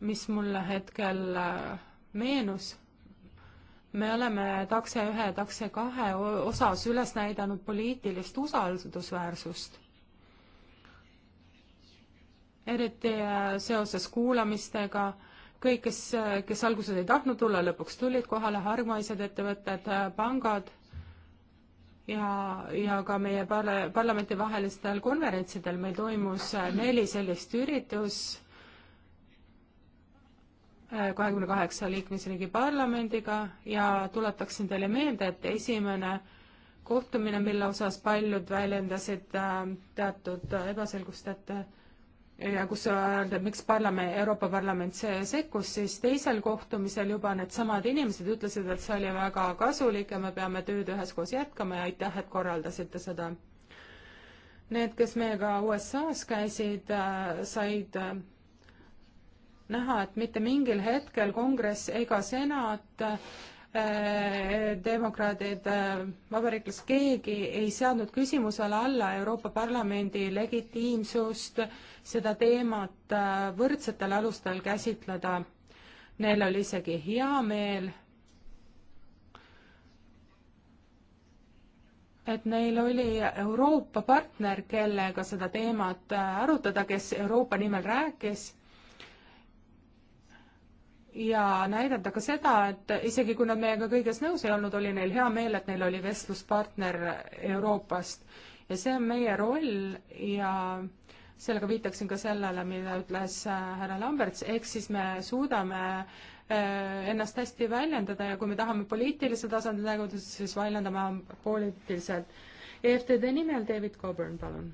mis mulle hetkel äh, meenus me oleme takse ühe, takse kahe osas üles näidanud poliitilist usaldusväärsust eriti äh, seoses kuulamistega, kõik, kes, äh, kes alguses ei tahtnud tulla, lõpuks tulid kohale, hargmaised ettevõtted, äh, pangad ja, ja ka meie parla-, parlamentivahelistel konverentsidel meil toimus neli sellist üritus kahekümne kaheksa liikmesriigi parlamendiga ja tuletaksin teile meelde, et esimene kohtumine, mille osas paljud väljendasid teatud ebaselgust, et ja kus öelda, miks parlament, Euroopa Parlament sekkus, siis teisel kohtumisel juba needsamad inimesed ütlesid, et see oli väga kasulik ja me peame tööd üheskoos jätkama ja aitäh, et korraldasite seda. Need, kes meiega USA-s käisid, äh, said äh, näha, et mitte mingil hetkel Kongress ega Senat äh, Äh, demokraadid, äh, vabariiklased, keegi ei seadnud küsimusele alla Euroopa Parlamendi legitiimsust seda teemat äh, võrdsetel alustel käsitleda. Neil oli isegi hea meel, et neil oli Euroopa partner, kellega seda teemat arutada, kes Euroopa nimel rääkis ja näidata ka seda, et isegi kui nad meiega kõiges nõus ei olnud, oli neil hea meel, et neil oli vestluspartner Euroopast. ja see on meie roll ja sellega viitaksin ka sellele, mida ütles äh, härra Lamberts, ehk siis me suudame äh, ennast hästi väljendada ja kui me tahame poliitilisel tasandil tegudes, siis väljendame poliitiliselt. EFTD nimel David Coburn, palun.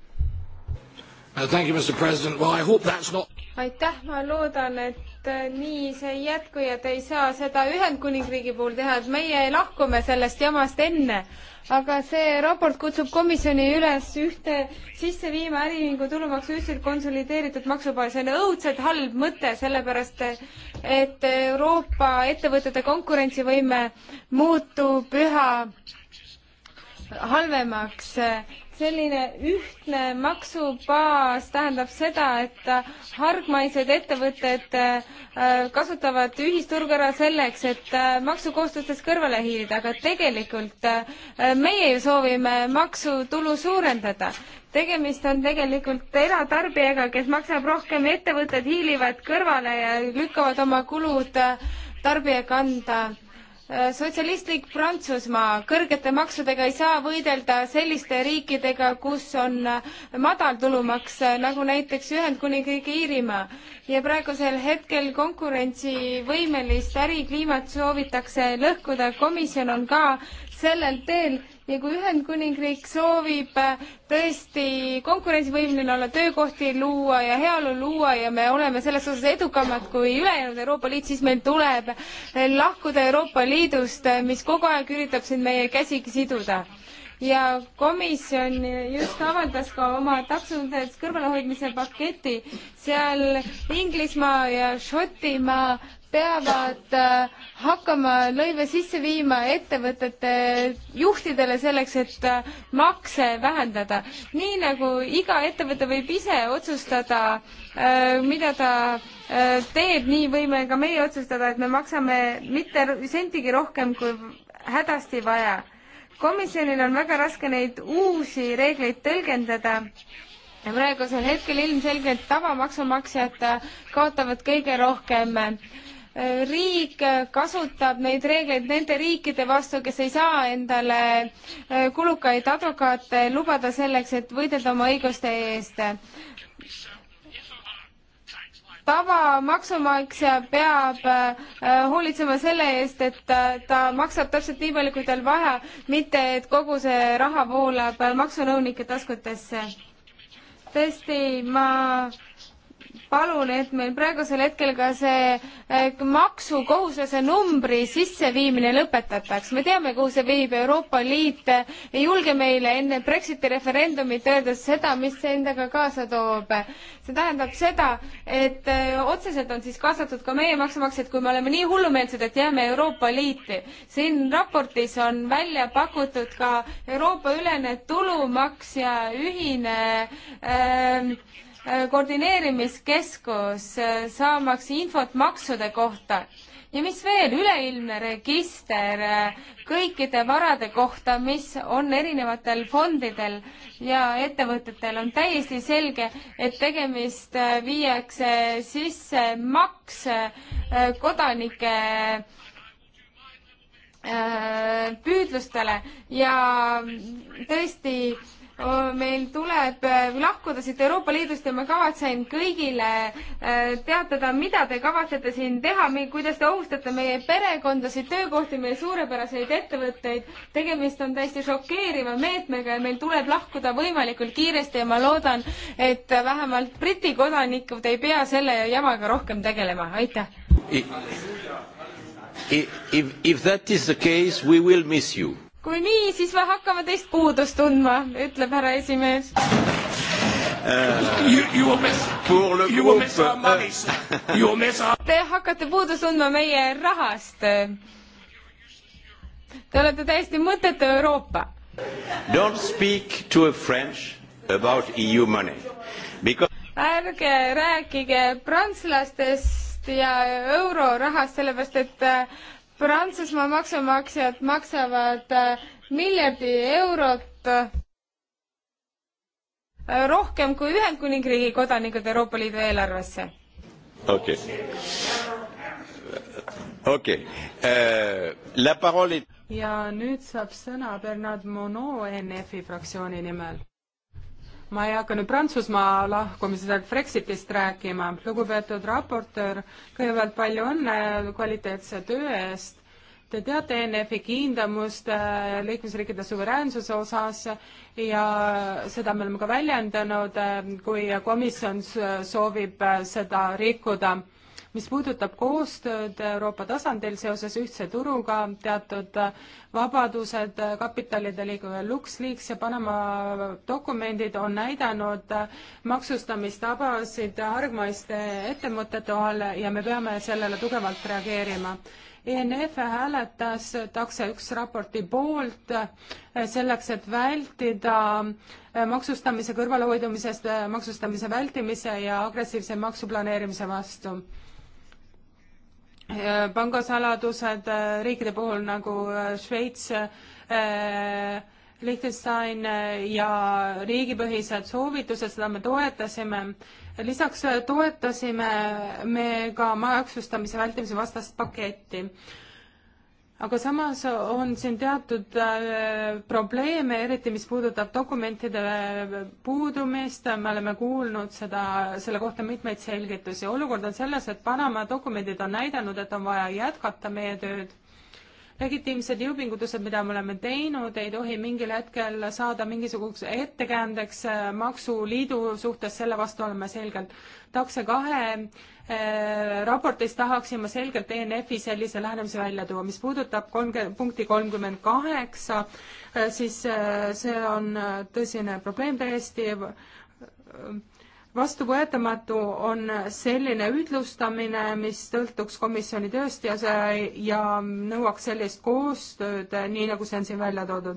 Uh, well, not... aitäh, ma loodan, et et äh, nii see ei jätku ja te ei saa seda Ühendkuningriigi puhul teha, et meie lahkume sellest jamast enne. aga see raport kutsub komisjoni üles ühte sisse viima äriühingu tulumaksu ühtselt konsolideeritud maksubaas. see on õudselt halb mõte, sellepärast et Euroopa ettevõtete konkurentsivõime muutub üha halvemaks selline ühtne maksubaas tähendab seda, et hargmaised ettevõtted äh, kasutavad ühisturgu ära selleks, et äh, maksukohustustest kõrvale hiilida, aga tegelikult äh, meie ju soovime maksutulu suurendada. tegemist on tegelikult eratarbijaga, kes maksab rohkem, ettevõtted hiilivad kõrvale ja lükkavad oma kulud tarbija kanda Äh, sotsialistlik Prantsusmaa, kõrgete maksudega ei saa võidelda selliste riikidega, kus on äh, madal tulumaks, äh, nagu näiteks Ühendkuningriigi Iirimaa. ja praegusel hetkel konkurentsivõimelist ärikliimat soovitakse lõhkuda, komisjon on ka sellel teel ja kui Ühendkuningriik soovib äh, tõesti konkurentsivõimeline olla, töökohti luua ja heaolu luua ja me oleme selles osas edukamad kui ülejäänud Euroopa Liit, siis meil tuleb äh, lahkuda Euroopa Liidust, äh, mis kogu aeg üritab siin meie käsi siduda ja komisjon just avaldas ka oma taksondades kõrvalehoidmise paketi, seal Inglismaa ja Šotimaa peavad äh, hakkama lõive sisse viima ettevõtete juhtidele selleks, et äh, makse vähendada. nii nagu iga ettevõte võib ise otsustada, äh, mida ta teeb, nii võime ka meie otsustada, et me maksame mitte sentigi rohkem, kui hädasti vaja. komisjonil on väga raske neid uusi reegleid tõlgendada ja praegusel hetkel ilmselgelt tavamaksumaksjad kaotavad kõige rohkem riik kasutab neid reegleid nende riikide vastu, kes ei saa endale äh, kulukaid advokaate lubada selleks, et võidelda oma õiguste eest. tavamaksumaksja peab äh, hoolitsema selle eest, et ta maksab täpselt nii palju, kui tal vaja, mitte et kogu see raha voolab maksunõunike taskutesse. tõesti, ma palun, et meil praegusel hetkel ka see eh, maksukohuslase numbri sisseviimine lõpetataks. me teame, kuhu see viib, Euroopa Liit eh, ei julge meile enne Brexiti referendumit öelda seda, mis see endaga kaasa toob. see tähendab seda, et eh, otseselt on siis kaasatud ka meie maksumaksjad, kui me oleme nii hullumeelsed, et jääme Euroopa Liiti. siin raportis on välja pakutud ka Euroopa-ülene tulumaks ja ühine äh, Äh, koordineerimiskeskus, äh, saamaks infot maksude kohta ja mis veel, üleilmne register äh, kõikide varade kohta, mis on erinevatel fondidel ja ettevõtetel, on täiesti selge, et tegemist viiakse sisse maks kodanike püüdlustele ja tõesti Oh, meil tuleb äh, lahkuda siit Euroopa Liidust ja ma kavatsen kõigile äh, teatada, mida te kavatsete siin teha, kuidas te ohustate meie perekondasid, töökohti, meie suurepäraseid ettevõtteid. tegemist on täiesti šokeeriva meetmega ja meil tuleb lahkuda võimalikult kiiresti ja ma loodan, et vähemalt Briti kodanikud ei pea selle jamaga rohkem tegelema, aitäh. If, if that is the case, we will miss you kui nii, siis me hakkame teist puudust tundma, ütleb härra esimees uh,. Te hakkate puudust tundma meie rahast. Te olete täiesti mõttetu Euroopa. Don't speak to a French about EU money because ärge rääkige prantslastest ja eurorahast, sellepärast et Prantsusmaa maksumaksjad maksavad äh, miljardi eurot äh, rohkem kui Ühendkuningriigi kodanikud Euroopa Liidu eelarvesse. okei okay., okei okay. uh,, äh, la parole. ja nüüd saab sõna Bernard Monod NF-i fraktsiooni nimel ma ei hakka nüüd Prantsusmaa lahkumisest Brexitist rääkima. lugupeetud raportöör, kõigepealt palju õnne kvaliteetse töö eest. Te teate ENF-i kiindamust äh, liikmesriikide suveräänsuse osas ja seda me oleme ka väljendanud, äh, kui komisjon soovib äh, seda rikkuda mis puudutab koostööd Euroopa tasandil seoses ühtse turuga, teatud äh, vabadused, äh, kapitalide liikumine, LuxLeaks ja Panama dokumendid on näidanud äh, maksustamistabasid hargmaiste ettevõtete vahel ja me peame sellele tugevalt reageerima ENF hääletas takse üks raporti poolt selleks, et vältida maksustamise kõrvalehoidumisest maksustamise vältimise ja agressiivse maksuplaneerimise vastu Äh, pangasaladused äh, riikide puhul nagu äh, Šveits, Liechtenstein ja riigipõhised soovitused, seda me toetasime. lisaks toetasime me ka maksustamise vältimise vastast paketti aga samas on siin teatud äh, probleeme, eriti mis puudutab dokumentide äh, puudumist, me oleme kuulnud seda, selle kohta mitmeid selgitusi. olukord on selles, et Panama dokumendid on näidanud, et on vaja jätkata meie tööd. legitiimsed jõupingutused, mida me oleme teinud, ei tohi mingil hetkel saada mingisuguseks ettekäändeks äh, maksuliidu suhtes, selle vastu oleme selgelt. takse kahe äh, Äh, raportis tahaksin ma selgelt ENF-i sellise lähenemise välja tuua. mis puudutab kolmkümmend, punkti kolmkümmend kaheksa, äh, siis äh, see on tõsine probleem täiesti. vastuvõetamatu on selline ühtlustamine, mis sõltuks komisjoni tööst ja see, ja nõuaks sellist koostööd, nii nagu see on siin välja toodud.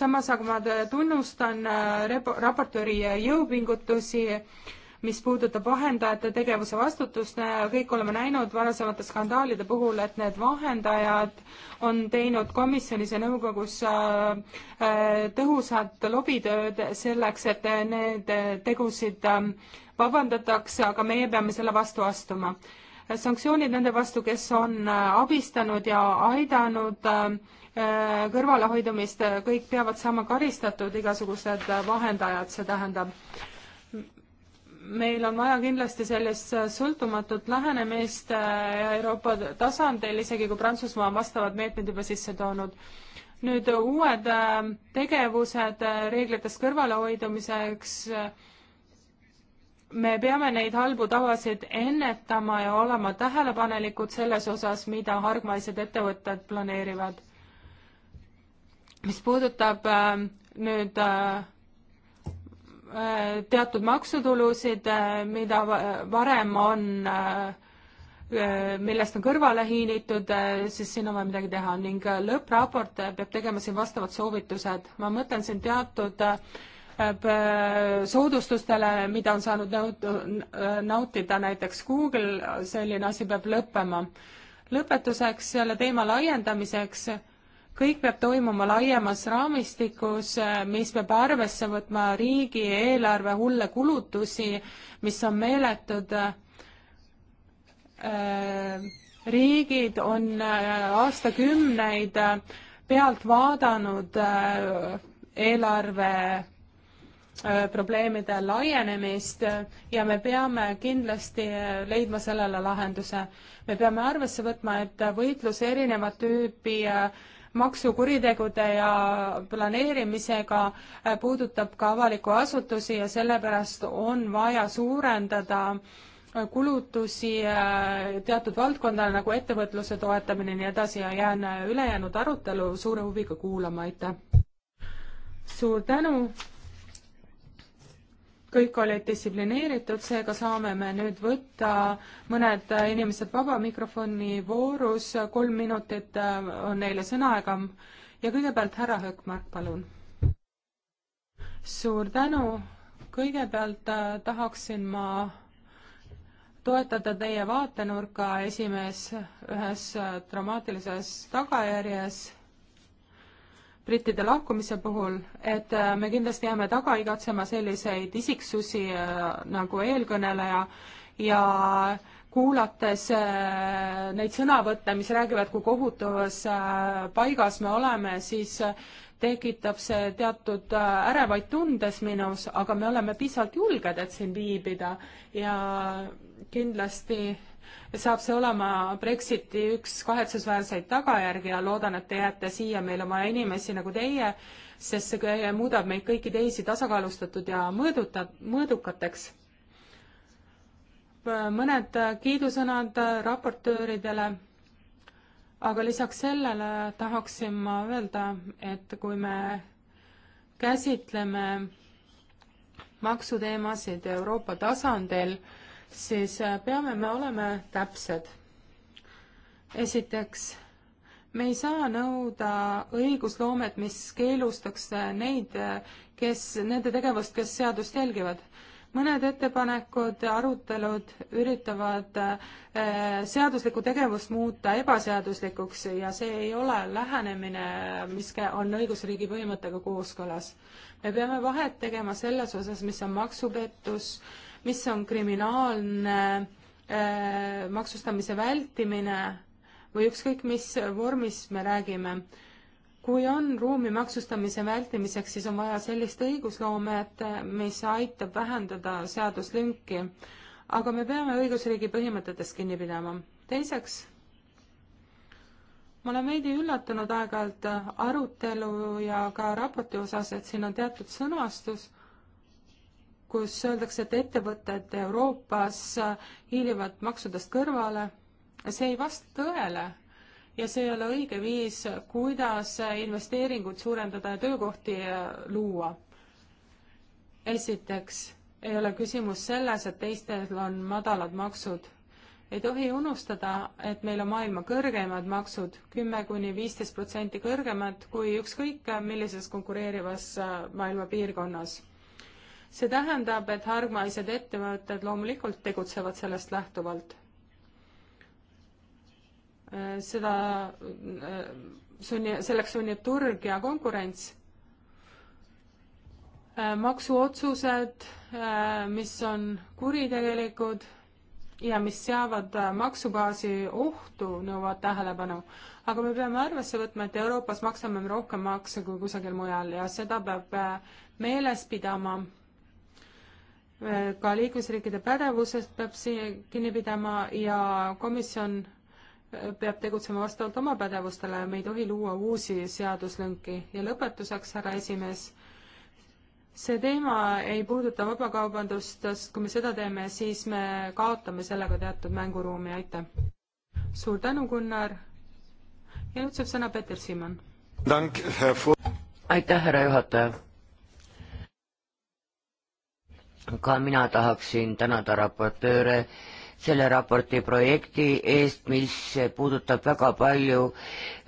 samas aga ma tunnustan raportööri jõupingutusi äh, mis puudutab vahendajate tegevuse vastutust, kõik oleme näinud varasemate skandaalide puhul, et need vahendajad on teinud komisjonis ja nõukogus äh, äh, tõhusat lobitööd selleks, et need tegusid äh, vabandatakse, aga meie peame selle vastu astuma. sanktsioonid nende vastu, kes on abistanud ja aidanud kõrvalehoidumist, kõik peavad saama karistatud, igasugused vahendajad, see tähendab meil on vaja kindlasti sellist äh, sõltumatut lähenemist äh, Euroopa tasandil, isegi kui Prantsusmaa on vastavad meetmed juba sisse toonud. nüüd äh, uued tegevused reeglitest kõrvalehoidumiseks, me peame neid halbu tavasid ennetama ja olema tähelepanelikud selles osas, mida hargmaised ettevõtted planeerivad. mis puudutab nüüd äh, Äh, teatud maksutulusid, äh, mida varem on, äh, millest on kõrvale hiilitud, siis siin on vaja midagi teha ning lõppraport peab tegema siin vastavad soovitused. ma mõtlen siin teatud soodustustele, mida on saanud nõut-, nautida näiteks Google, selline asi peab lõppema. lõpetuseks selle teema laiendamiseks kõik peab toimuma laiemas raamistikus, mis peab arvesse võtma riigieelarve hulle kulutusi, mis on meeletud. Äh, riigid on äh, aastakümneid äh, pealt vaadanud eelarve probleemide laienemist ja me peame kindlasti leidma sellele lahenduse. me peame arvesse võtma, et võitlus erinevat tüüpi äh, maksukuritegude ja planeerimisega äh, puudutab ka avalikku asutusi ja sellepärast on vaja suurendada äh, kulutusi äh, teatud valdkondadele nagu ettevõtluse toetamine ja nii edasi ja jään ülejäänud arutelu suure huviga kuulama, aitäh! suur tänu! kõik olid distsiplineeritud, seega saame me nüüd võtta mõned inimesed vaba mikrofoni voorus, kolm minutit on neile sõnaaega ja kõigepealt härra Höökmark, palun. suur tänu, kõigepealt äh, tahaksin ma toetada teie vaatenurka esimees ühes äh, dramaatilises tagajärjes brittide lahkumise puhul, et äh, me kindlasti jääme taga igatsema selliseid isiksusi äh, nagu eelkõneleja ja kuulates äh, neid sõnavõtte, mis räägivad, kui kohutavas paigas me oleme, siis tekitab see teatud ärevaid tundes minus, aga me oleme piisavalt julged, et siin viibida ja kindlasti saab see olema Brexiti üks kahetsusväärseid tagajärgi ja loodan, et te jääte siia, meil on vaja inimesi nagu teie, sest see muudab meid kõiki teisi tasakaalustatud ja mõõduta, mõõdukateks. mõned kiidusõnad raportööridele aga lisaks sellele tahaksin ma öelda, et kui me käsitleme maksuteemasid Euroopa tasandil, siis äh, peame me olema täpsed. esiteks, me ei saa nõuda õigusloomet, mis keelustaks äh, neid, äh, kes, nende tegevust, kes seadust jälgivad mõned ettepanekud, arutelud üritavad seaduslikku tegevust muuta ebaseaduslikuks ja see ei ole lähenemine, mis on õigusriigi põhimõttega kooskõlas. me peame vahet tegema selles osas, mis on maksupettus, mis on kriminaalne äh, maksustamise vältimine või ükskõik mis vormis me räägime. kui on ruumi maksustamise vältimiseks, siis on vaja sellist õigusloomet, äh, mis aitab vähendada seaduslünki. aga me peame õigusriigi põhimõtetest kinni pidama. teiseks, ma olen veidi üllatunud aeg-ajalt arutelu ja ka raporti osas, et siin on teatud sõnastus kus öeldakse, et ettevõtted Euroopas hiilivad maksudest kõrvale. see ei vasta tõele ja see ei ole õige viis, kuidas investeeringuid suurendada ja töökohti luua. esiteks ei ole küsimus selles, et teistel on madalad maksud. ei tohi unustada, et meil on maailma kõrgeimad maksud, kümme kuni viisteist protsenti kõrgemad kui ükskõik millises konkureerivas maailma piirkonnas see tähendab, et hargmaised ettevõtted loomulikult tegutsevad sellest lähtuvalt. Äh, seda äh, sunni, selleks sunnib turg ja konkurents. Äh, maksuotsused, mis on kuritegelikud ja mis seavad maksubaasi ohtu, nõuavad tähelepanu. aga me peame arvesse võtma, et Euroopas maksame me rohkem makse kui kusagil mujal ja seda peab meeles pidama ka liikmesriikide pädevusest peab siin kinni pidama ja komisjon peab tegutsema vastavalt oma pädevustele, me ei tohi luua uusi seaduslünki. ja lõpetuseks, härra esimees, see teema ei puuduta vabakaubandust, sest kui me seda teeme, siis me kaotame sellega teatud mänguruumi, aitäh. suur tänu, Gunnar. ja nüüd saab sõna Peeter Siimann. aitäh, härra juhataja ka mina tahaksin tänada raportööre selle raporti projekti eest, mis puudutab väga palju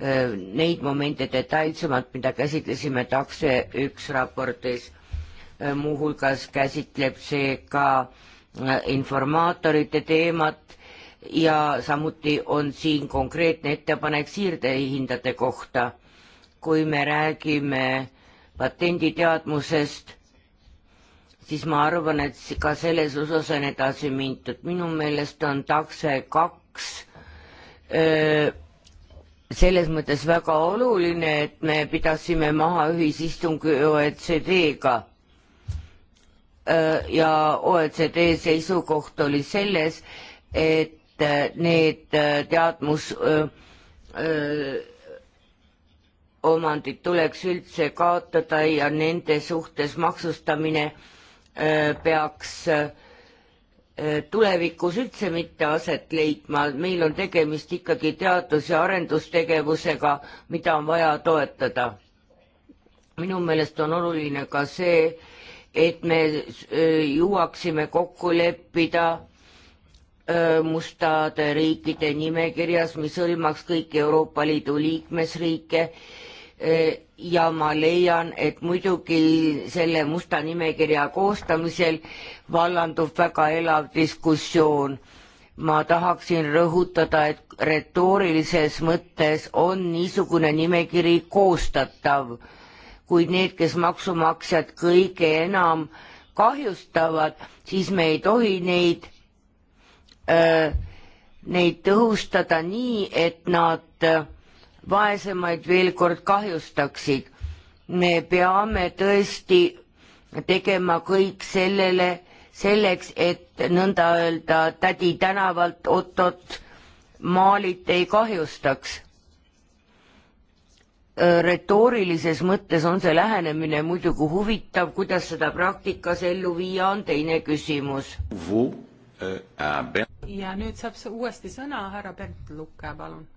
äh, neid momente detailsemalt, mida käsitlesime takse üks raportis. Äh, muuhulgas käsitleb see ka äh, informaatorite teemat ja samuti on siin konkreetne ettepanek siirdehindade kohta. kui me räägime patenditeadmusest siis ma arvan, et ka selles osas on edasi mindud. minu meelest on takse kaks öö, selles mõttes väga oluline, et me pidasime maha ühisistungi OECD-ga. ja OECD seisukoht oli selles, et need teadmus öö, öö, omandid tuleks üldse kaotada ja nende suhtes maksustamine öö, peaks tulevikus üldse mitte aset leidma, meil on tegemist ikkagi teadus- ja arendustegevusega, mida on vaja toetada. minu meelest on oluline ka see, et me jõuaksime kokku leppida mustade riikide nimekirjas, mis hõlmaks kõiki Euroopa Liidu liikmesriike ja ma leian, et muidugi selle musta nimekirja koostamisel vallandub väga elav diskussioon. ma tahaksin rõhutada, et retoorilises mõttes on niisugune nimekiri koostatav, kuid need, kes maksumaksjad kõige enam kahjustavad, siis me ei tohi neid öö, äh, neid tõhustada nii, et nad öö, äh, vaesemaid veel kord kahjustaksid. me peame tõesti tegema kõik sellele, selleks, et nõnda öelda tädi tänavalt Ottot maalit ei kahjustaks. Äh, retoorilises mõttes on see lähenemine muidugi huvitav, kuidas seda praktikas ellu viia, on teine küsimus. Euh, ja nüüd saab uuesti sõna härra Bernt Lukke, palun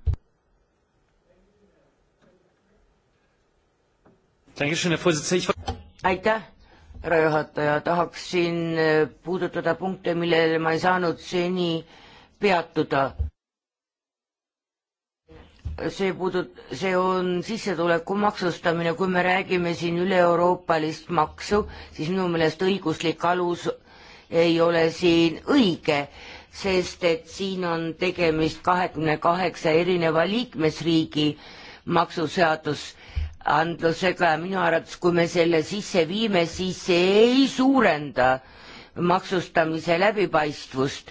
aitäh, härra juhataja, tahaksin äh, puudutada punkte, millele ma ei saanud seni peatuda. see puudut-, see on sissetuleku maksustamine, kui me räägime siin üle-euroopalist maksu, siis minu meelest õiguslik alus ei ole siin õige, sest et siin on tegemist kahekümne kaheksa erineva liikmesriigi maksuseadus andlusega ja minu arvates, kui me selle sisse viime, siis see ei suurenda maksustamise läbipaistvust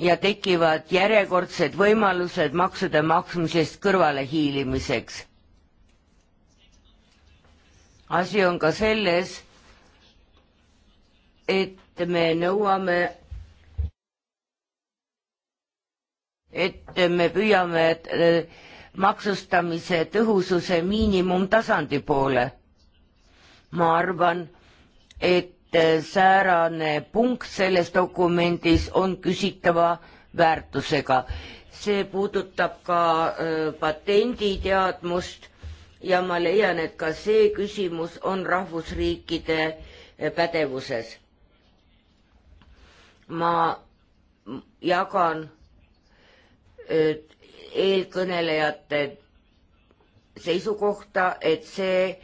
ja tekivad järjekordsed võimalused maksude maksmisest kõrvalehiilimiseks. asi on ka selles, et me nõuame, et me püüame et, maksustamise tõhususe miinimumtasandi poole. ma arvan, et säärane punkt selles dokumendis on küsitava väärtusega. see puudutab ka öö, äh, patenditeadmust ja ma leian, et ka see küsimus on rahvusriikide äh, pädevuses. ma jagan öö, eelkõnelejate seisukohta, et see,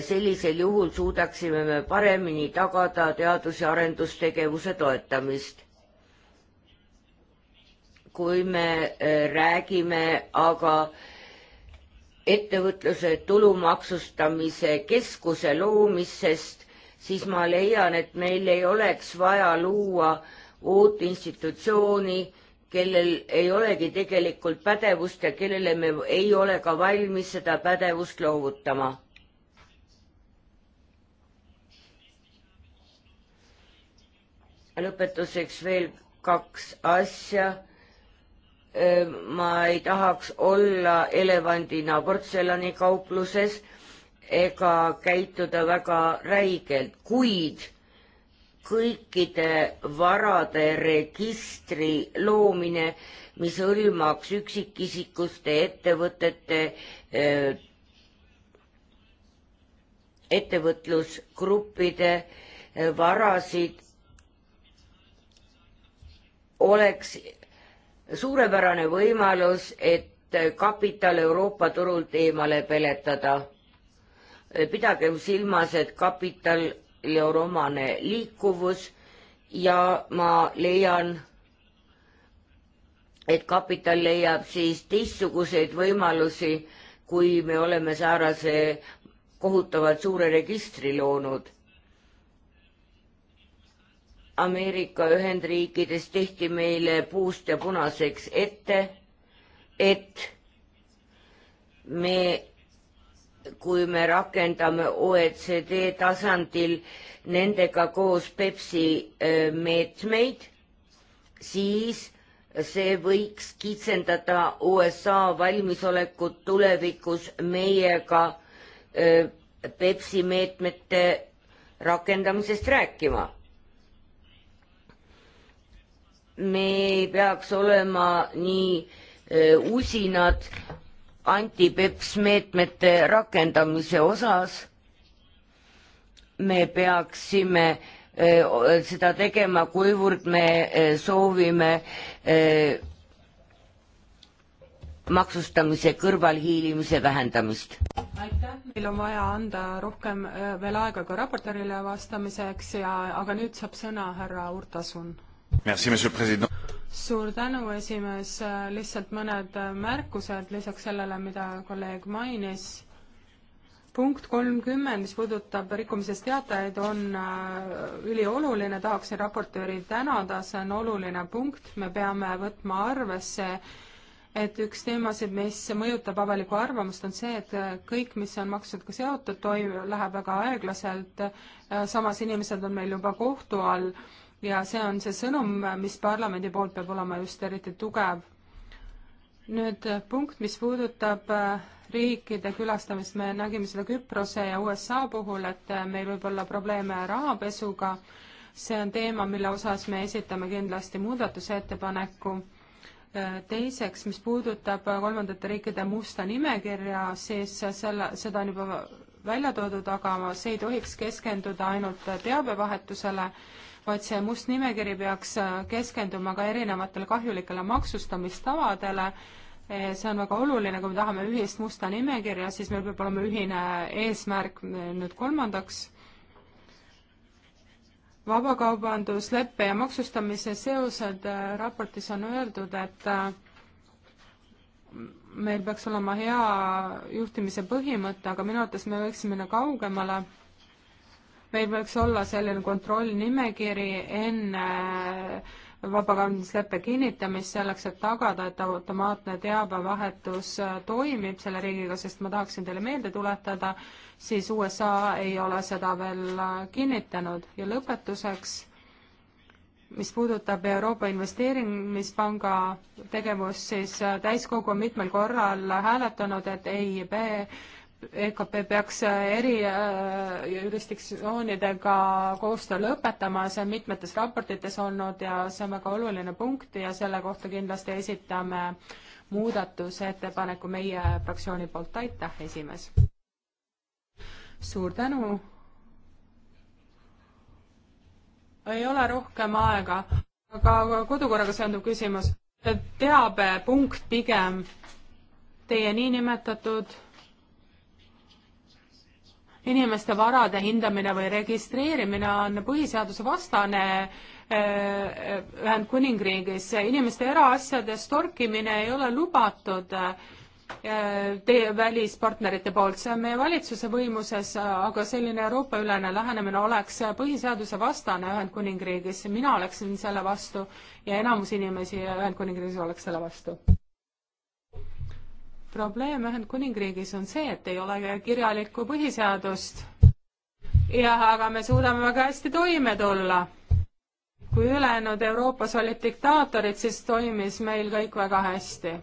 sellisel juhul suudaksime me paremini tagada teadus- ja arendustegevuse toetamist. kui me äh, räägime aga ettevõtluse tulumaksustamise keskuse loomisest, siis ma leian, et meil ei oleks vaja luua uut institutsiooni, kellel ei olegi tegelikult pädevust ja kellele me ei ole ka valmis seda pädevust loovutama. lõpetuseks veel kaks asja. ma ei tahaks olla elevandina portselani kaupluses ega käituda väga räigelt, kuid kõikide varade registri loomine, mis hõlmaks üksikisikuste ettevõtete, äh, ettevõtlusgruppide äh, varasid, oleks suurepärane võimalus, et äh, kapital Euroopa turult eemale peletada. pidagem silmas, et kapital euroomane liikuvus ja ma leian, et kapital leiab siis teistsuguseid võimalusi, kui me oleme säärase kohutavalt suure registri loonud. Ameerika Ühendriikides tehti meile puust ja punaseks ette, et me kui me rakendame OECD tasandil nendega koos Pepsi äh, meetmeid, siis see võiks kitsendada USA valmisolekut tulevikus meiega äh, Pepsi meetmete rakendamisest rääkima. me ei peaks olema nii äh, usinad antipeps meetmete rakendamise osas me peaksime seda tegema, kuivõrd me soovime maksustamise kõrvalhiilimise vähendamist. aitäh, meil on vaja anda rohkem veel aega ka raportöörile vastamiseks ja, aga nüüd saab sõna härra Urtasun suur tänu, esimees, lihtsalt mõned märkused lisaks sellele, mida kolleeg mainis punkt kolmkümmend, mis puudutab rikkumisest teatajaid, on äh, ülioluline, tahaksin raportööri tänada, see on oluline punkt, me peame võtma arvesse, et üks teemasid, mis mõjutab avalikku arvamust, on see, et kõik, mis on maksudega seotud, toim-, läheb väga aeglaselt, samas inimesed on meil juba kohtu all ja see on see sõnum, mis parlamendi poolt peab olema just eriti tugev. nüüd äh, punkt, mis puudutab äh, riikide külastamist, me nägime seda Küprose ja USA puhul, et äh, meil võib olla probleeme rahapesuga, see on teema, mille osas me esitame kindlasti muudatusettepaneku teiseks, mis puudutab kolmandate riikide musta nimekirja, siis selle, seda on juba välja toodud, aga see ei tohiks keskenduda ainult teabevahetusele, vaid see must nimekiri peaks äh, keskenduma ka erinevatele kahjulikele maksustamistavadele, äh, see on väga oluline, kui me tahame ühist musta nimekirja, siis meil peab olema ühine eesmärk äh, nüüd kolmandaks. vabakaubandusleppe ja maksustamise seosed, raportis on öeldud, et meil peaks olema hea juhtimise põhimõte, aga minu arvates me võiksime minna kaugemale. meil võiks olla selline kontrollnimekiri enne äh, vabakaubandusleppe kinnitamist selleks, et tagada, et automaatne teabevahetus äh, toimib selle riigiga, sest ma tahaksin teile meelde tuletada, siis USA ei ole seda veel äh, kinnitanud ja lõpetuseks mis puudutab Euroopa Investeerimispanga tegevust, siis äh, täiskogu on mitmel korral hääletanud, et EIB, EKP peaks äh, eri äh, jurisdiktsioonidega koostöö lõpetama, see on mitmetes raportites olnud ja see on väga oluline punkt ja selle kohta kindlasti esitame muudatusettepaneku meie fraktsiooni poolt, aitäh, esimees! suur tänu, ei ole rohkem aega, aga kodukorraga seonduv küsimus. teabepunkt pigem teie niinimetatud inimeste varade hindamine või registreerimine on põhiseaduse vastane eh, eh, Ühendkuningriigis. inimeste eraasjades torkimine ei ole lubatud Äh, teie välispartnerite poolt, see on meie valitsuse võimuses, aga selline Euroopa-ülene lähenemine oleks põhiseaduse vastane Ühendkuningriigis, mina oleksin selle vastu ja enamus inimesi Ühendkuningriigis oleks selle vastu. probleem Ühendkuningriigis on see, et ei ole kirjalikku põhiseadust. jah, aga me suudame väga hästi toime tulla kui ülejäänud Euroopas olid diktaatorid, siis toimis meil kõik väga hästi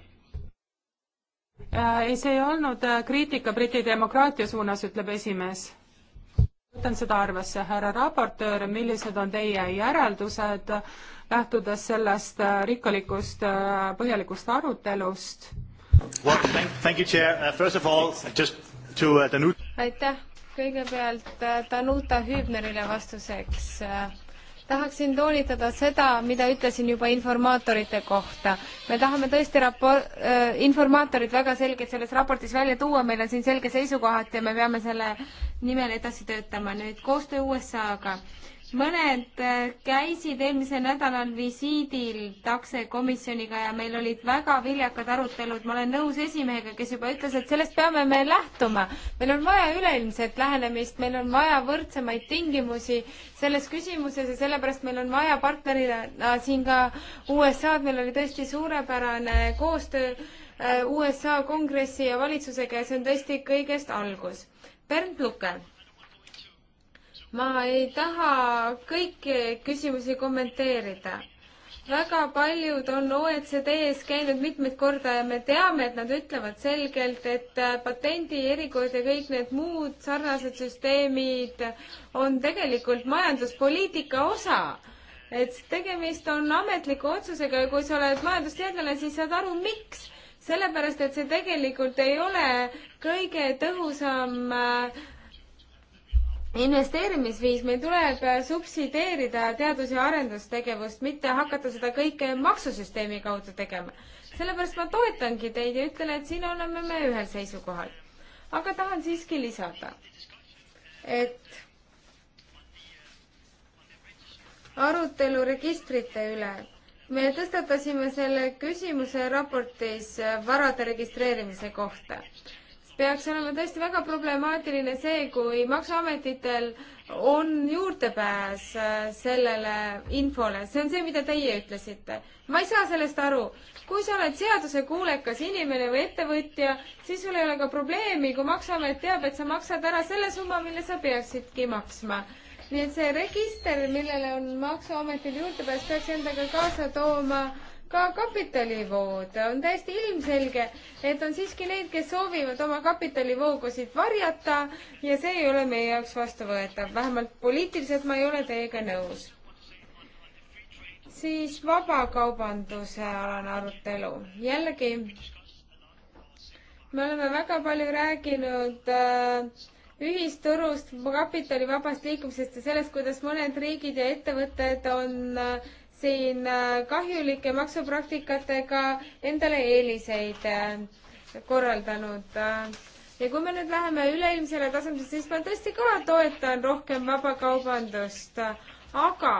Äh, ei, see ei olnud äh, kriitika Briti demokraatia suunas, ütleb esimees. võtan seda arvesse, härra raportöör, millised on teie järeldused, äh, lähtudes sellest rikkalikust põhjalikust arutelust? Uh, uh, aitäh, kõigepealt Danuta Hübnerile vastuseks tahaksin toonitada seda, mida ütlesin juba informaatorite kohta. me tahame tõesti rapor-, äh, informaatorid väga selgelt selles raportis välja tuua, meil on siin selge seisukohad ja me peame selle nimel edasi töötama. nüüd koostöö USA-ga mõned äh, käisid eelmisel nädalal visiidil takse komisjoniga ja meil olid väga viljakad arutelud, ma olen nõus esimehega, kes juba ütles, et sellest peame me lähtuma. meil on vaja üleilmset lähenemist, meil on vaja võrdsemaid tingimusi selles küsimuses ja sellepärast meil on vaja partnerina siin ka USA-d, meil oli tõesti suurepärane koostöö äh, USA kongressi ja valitsusega ja see on tõesti kõigest algus. Bernd Luke ma ei taha kõiki küsimusi kommenteerida. väga paljud on OECD-s käinud mitmeid korda ja me teame, et nad ütlevad selgelt, et äh, patendi erikord ja kõik need muud sarnased süsteemid on tegelikult majanduspoliitika osa et tegemist on ametliku otsusega ja kui sa oled majandusteadlane, siis saad aru, miks. sellepärast, et see tegelikult ei ole kõige tõhusam äh, investeerimisviis, meil tuleb subsideerida teadus- ja arendustegevust, mitte hakata seda kõike maksusüsteemi kaudu tegema. sellepärast ma toetangi teid ja ütlen, et siin oleme me ühel seisukohal. aga tahan siiski lisada, et arutelu registrite üle me tõstatasime selle küsimuse raportis varade registreerimise kohta peaks olema tõesti väga problemaatiline see, kui maksuametitel on juurdepääs äh, sellele infole, see on see, mida teie ütlesite. ma ei saa sellest aru. kui sa oled seadusekuulekas inimene või ettevõtja, siis sul ei ole ka probleemi, kui Maksuamet teab, et sa maksad ära selle summa, mille sa peaksidki maksma. nii et see register, millele on Maksuametil juurdepääs, peaks endaga kaasa tooma äh, ka kapitalivood. on täiesti ilmselge, et on siiski neid, kes soovivad oma kapitalivoogusid varjata ja see ei ole meie jaoks vastuvõetav. vähemalt poliitiliselt ma ei ole teiega nõus. siis vabakaubanduse alane arutelu. jällegi, me oleme väga palju rääkinud äh, ühisturust, kapitali vabast liikumisest ja sellest, kuidas mõned riigid ja ettevõtted on äh, siin äh, kahjulike maksupraktikatega endale eeliseid äh, korraldanud. Äh. ja kui me nüüd läheme üleilmsele tasandile, siis ma tõesti ka toetan rohkem vabakaubandust, aga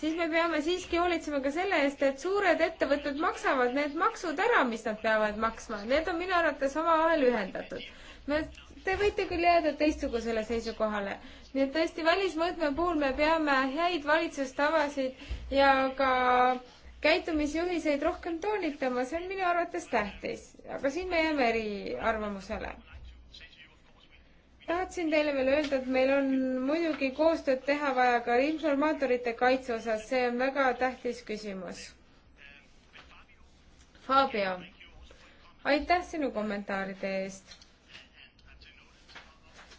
siis me peame siiski hoolitsema ka selle eest, et suured ettevõtted maksavad need maksud ära, mis nad peavad maksma, need on minu arvates omavahel ühendatud. me, te võite küll jääda teistsugusele seisukohale nii et tõesti, välismõõtme puhul me peame häid valitsustavasid ja ka käitumisjuhiseid rohkem toonitama, see on minu arvates tähtis, aga siin me jääme eriarvamusele. tahtsin teile veel öelda, et meil on muidugi koostööd teha vaja ka informaatorite kaitse osas, see on väga tähtis küsimus. Fabio, aitäh sinu kommentaaride eest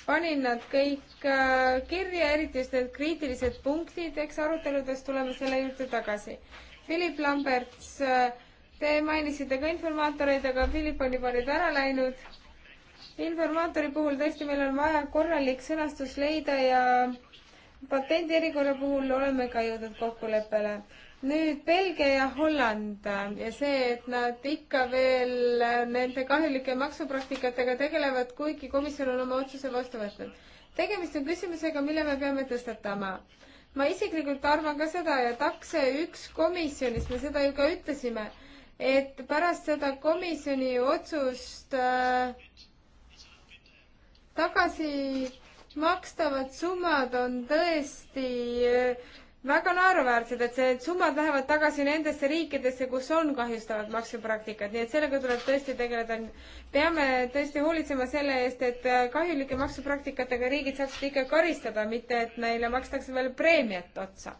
panin nad kõik äh, kirja, eriti just need kriitilised punktid, eks aruteludes tuleme selle juurde tagasi. Philip Lamberts, äh, te mainisite ka informaatoreid, aga Philip on juba nüüd ära läinud. informaatori puhul tõesti meil on vaja korralik sõnastus leida ja patendi erikorra puhul oleme ka jõudnud kokkuleppele nüüd Belgia ja Holland ja see, et nad ikka veel äh, nende kahjulike maksupraktikatega tegelevad, kuigi komisjon on oma otsuse vastu võtnud. tegemist on küsimusega, mille me peame tõstatama. ma isiklikult arvan ka seda ja takse üks komisjonis me seda ju ka ütlesime, et pärast seda komisjoni otsust äh, tagasi makstavad summad on tõesti äh, väga naeruväärsed, et need summad lähevad tagasi nendesse riikidesse, kus on kahjustavad maksupraktikad, nii et sellega tuleb tõesti tegeleda. peame tõesti hoolitsema selle eest, et kahjulike maksupraktikatega riigid saaksid ikka karistada, mitte et neile makstakse veel preemiat otsa.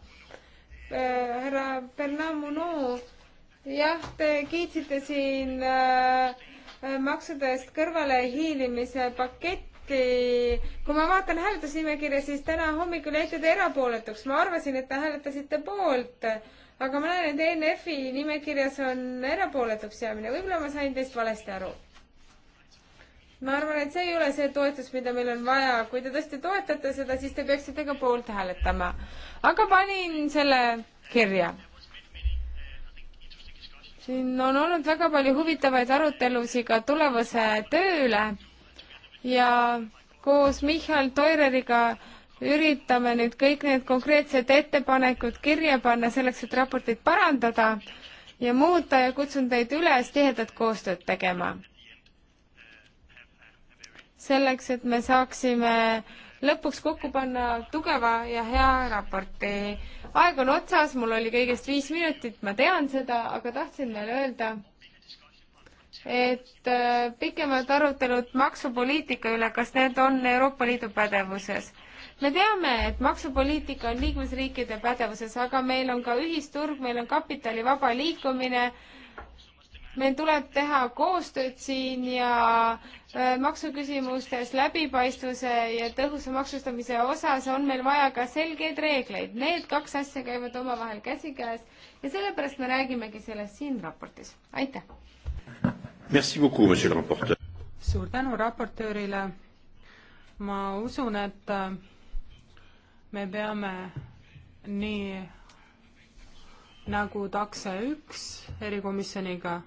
Äh, härra Bernamuno, jah, te kiitsite siin äh, maksudest kõrvalehiilimise paketti tõesti, kui ma vaatan hääletusnimekirja, siis täna hommikul jäite te erapooletuks. ma arvasin, et te hääletasite poolt, aga ma näen, et ENF-i nimekirjas on erapooletuks jäämine. võib-olla ma sain teist valesti aru ma arvan, et see ei ole see toetus, mida meil on vaja. kui te tõesti toetate seda, siis te peaksite ka poolt hääletama. aga panin selle kirja. siin on olnud väga palju huvitavaid arutelusid ka tulevase töö üle ja koos Michal Toireriga üritame nüüd kõik need konkreetsed ettepanekud kirja panna selleks, et raportit parandada ja muuta ja kutsun teid üles tihedat koostööd tegema. selleks, et me saaksime lõpuks kokku panna tugeva ja hea raporti. aeg on otsas, mul oli kõigest viis minutit, ma tean seda, aga tahtsin veel öelda, et äh, pikemad arutelud maksupoliitika üle, kas need on Euroopa Liidu pädevuses. me teame, et maksupoliitika on liikmesriikide pädevuses, aga meil on ka ühisturg, meil on kapitali vaba liikumine, meil tuleb teha koostööd siin ja äh, maksuküsimustes läbipaistvuse ja tõhusa maksustamise osas on meil vaja ka selgeid reegleid. Need kaks asja käivad omavahel käsikäes ja sellepärast me räägimegi sellest siin raportis. aitäh! suur tänu raportöörile. ma usun, et äh, me peame nii nagu takse üks erikomisjoniga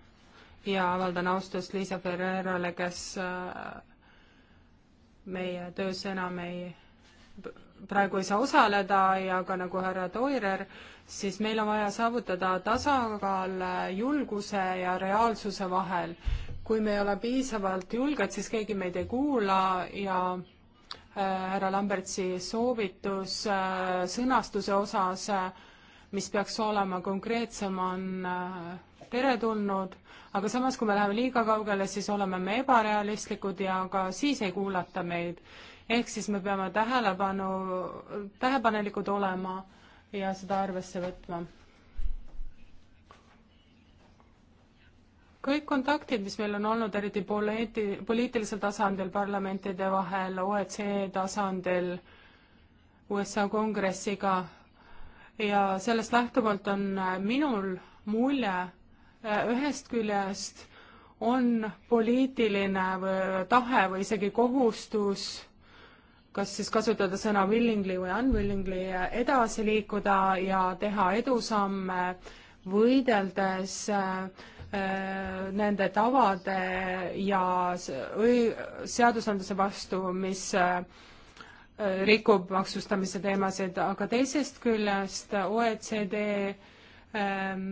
ja avaldan austust Liisa Ferreirale, kes äh, meie töös enam ei praegu ei saa osaleda ja ka nagu härra Toirer, siis meil on vaja saavutada tasakaal julguse ja reaalsuse vahel. kui me ei ole piisavalt julged, siis keegi meid ei kuula ja äh, härra Lambertsi soovitus äh, sõnastuse osas, äh, mis peaks olema konkreetsem, on teretulnud, aga samas, kui me läheme liiga kaugele, siis oleme me ebarealistlikud ja ka siis ei kuulata meid ehk siis me peame tähelepanu, tähelepanelikud olema ja seda arvesse võtma. kõik kontaktid, mis meil on olnud, eriti poliiti-, poliitilisel tasandil, parlamentide vahel, OECD tasandil, USA kongressiga, ja sellest lähtuvalt on äh, minul mulje, äh, ühest küljest on poliitiline või tahe või isegi kohustus kas siis kasutada sõna willingly või unwillingly, edasi liikuda ja teha edusamme, võideldes äh, nende tavade ja seadusandluse vastu, mis äh, rikub maksustamise teemasid, aga teisest küljest OECD ähm,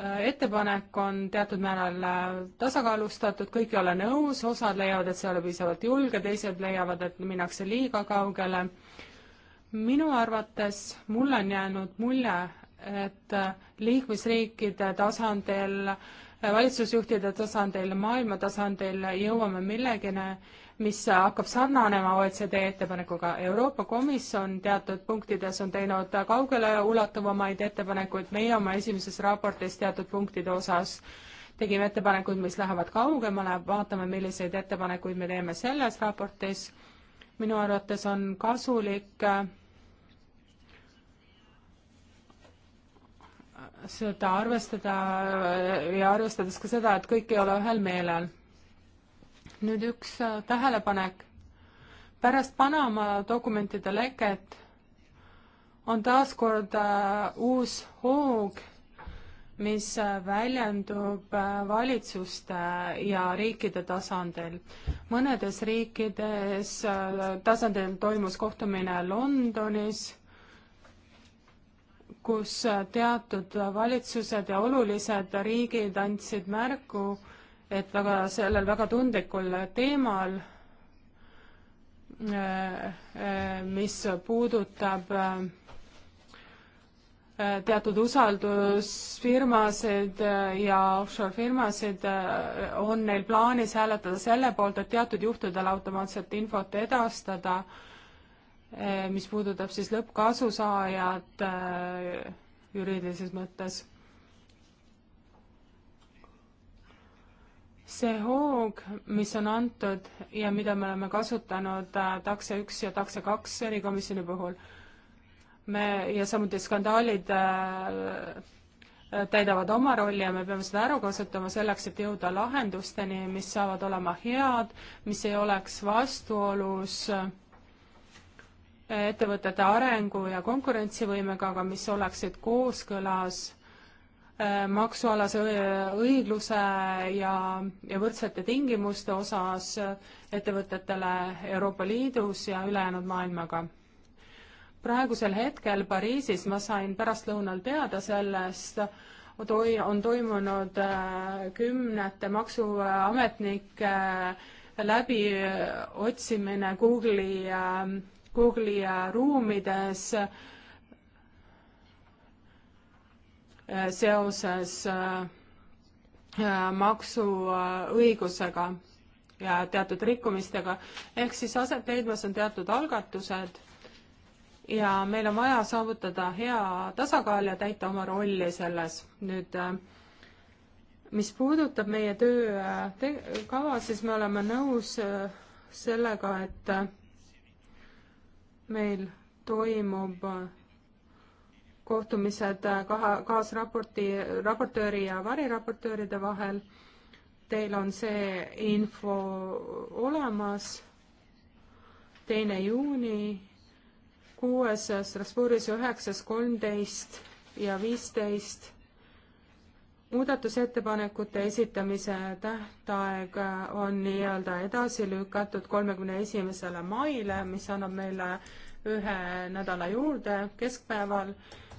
Äh, ettepanek on teatud määral äh, tasakaalustatud, kõik ei ole nõus, osad leiavad, et see ei ole piisavalt julge, teised leiavad, et minnakse liiga kaugele. minu arvates, mulle on jäänud mulje, et äh, liikmesriikide tasandil, valitsusjuhtide tasandil, maailma tasandil jõuame millegini, mis hakkab sarnanema OECD ettepanekuga. Euroopa Komisjon teatud punktides on teinud kaugeleulatuvamaid ettepanekuid, meie oma esimeses raportis teatud punktide osas tegime ettepanekuid, mis lähevad kaugemale, vaatame, milliseid ettepanekuid me teeme selles raportis. minu arvates on kasulik äh, seda arvestada ja arvestades ka seda, et kõik ei ole ühel meelel nüüd üks äh, tähelepanek. pärast Panama dokumentide leket on taas kord äh, uus hoog, mis äh, väljendub valitsuste ja riikide tasandil. mõnedes riikides tasandil toimus kohtumine Londonis kus teatud valitsused ja olulised riigid andsid märku, et väga, sellel väga tundlikul teemal, eh, eh, mis puudutab eh, teatud usaldusfirmasid ja offshore firmasid, on neil plaanis hääletada selle poolt, et teatud juhtudel automaatselt infot edastada, mis puudutab siis lõppkasusaajat juriidilises mõttes see hoog, mis on antud ja mida me oleme kasutanud äh, takse üks ja takse kaks erikomisjoni puhul, me ja samuti skandaalid äh, äh, täidavad oma rolli ja me peame seda ära kasutama selleks, et jõuda lahendusteni, mis saavad olema head, mis ei oleks vastuolus äh, ettevõtete arengu ja konkurentsivõimega, aga mis oleksid kooskõlas Äh, maksualase õigluse ja, ja võrdsete tingimuste osas ettevõtetele Euroopa Liidus ja ülejäänud maailmaga. praegusel hetkel Pariisis ma sain pärastlõunal teada sellest, on toimunud äh, kümnete maksuametnike äh, läbiotsimine Google'i, Google'i ruumides äh, Äh, seoses äh, äh, maksuõigusega ja teatud rikkumistega, ehk siis aset leidmas on teatud algatused ja meil on vaja saavutada hea tasakaal ja täita oma rolli selles. nüüd mis puudutab meie töökava, siis me oleme nõus sellega, et meil toimub kohtumised äh, kaha, kaasraporti, raportööri ja variraportööride vahel. Teil on see info olemas. teine juuni, kuues Strasbourgis, üheksas, kolmteist ja viisteist. muudatusettepanekute esitamise tähtaeg äh, on nii-öelda edasi lükatud kolmekümne esimesele maile, mis annab meile ühe nädala juurde keskpäeval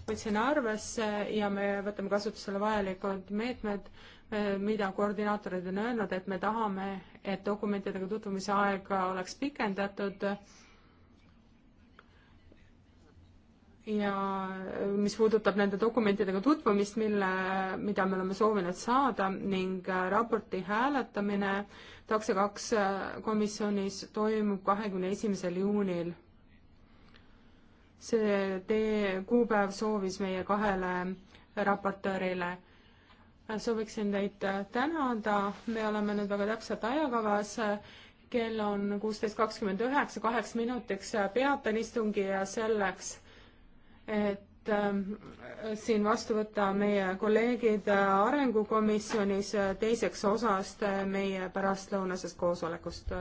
võtsin arvesse ja me võtame kasutusele vajalikud meetmed, eh, mida koordinaatorid on öelnud, et me tahame, et dokumentidega tutvumise aega oleks pikendatud ja mis puudutab nende dokumentidega tutvumist, mille, mida me oleme soovinud saada ning äh, raporti hääletamine takse kaks äh, komisjonis toimub kahekümne esimesel juunil see tee, kuupäev soovis meie kahele raportöörile. sooviksin teid tänada, me oleme nüüd väga täpselt ajakavas, kell on kuusteist kakskümmend üheksa, kaheks minutiks peatan istungi ja selleks, et ähm, siin vastu võtta meie kolleegid Arengukomisjonis teiseks osast meie pärastlõunasest koosolekust.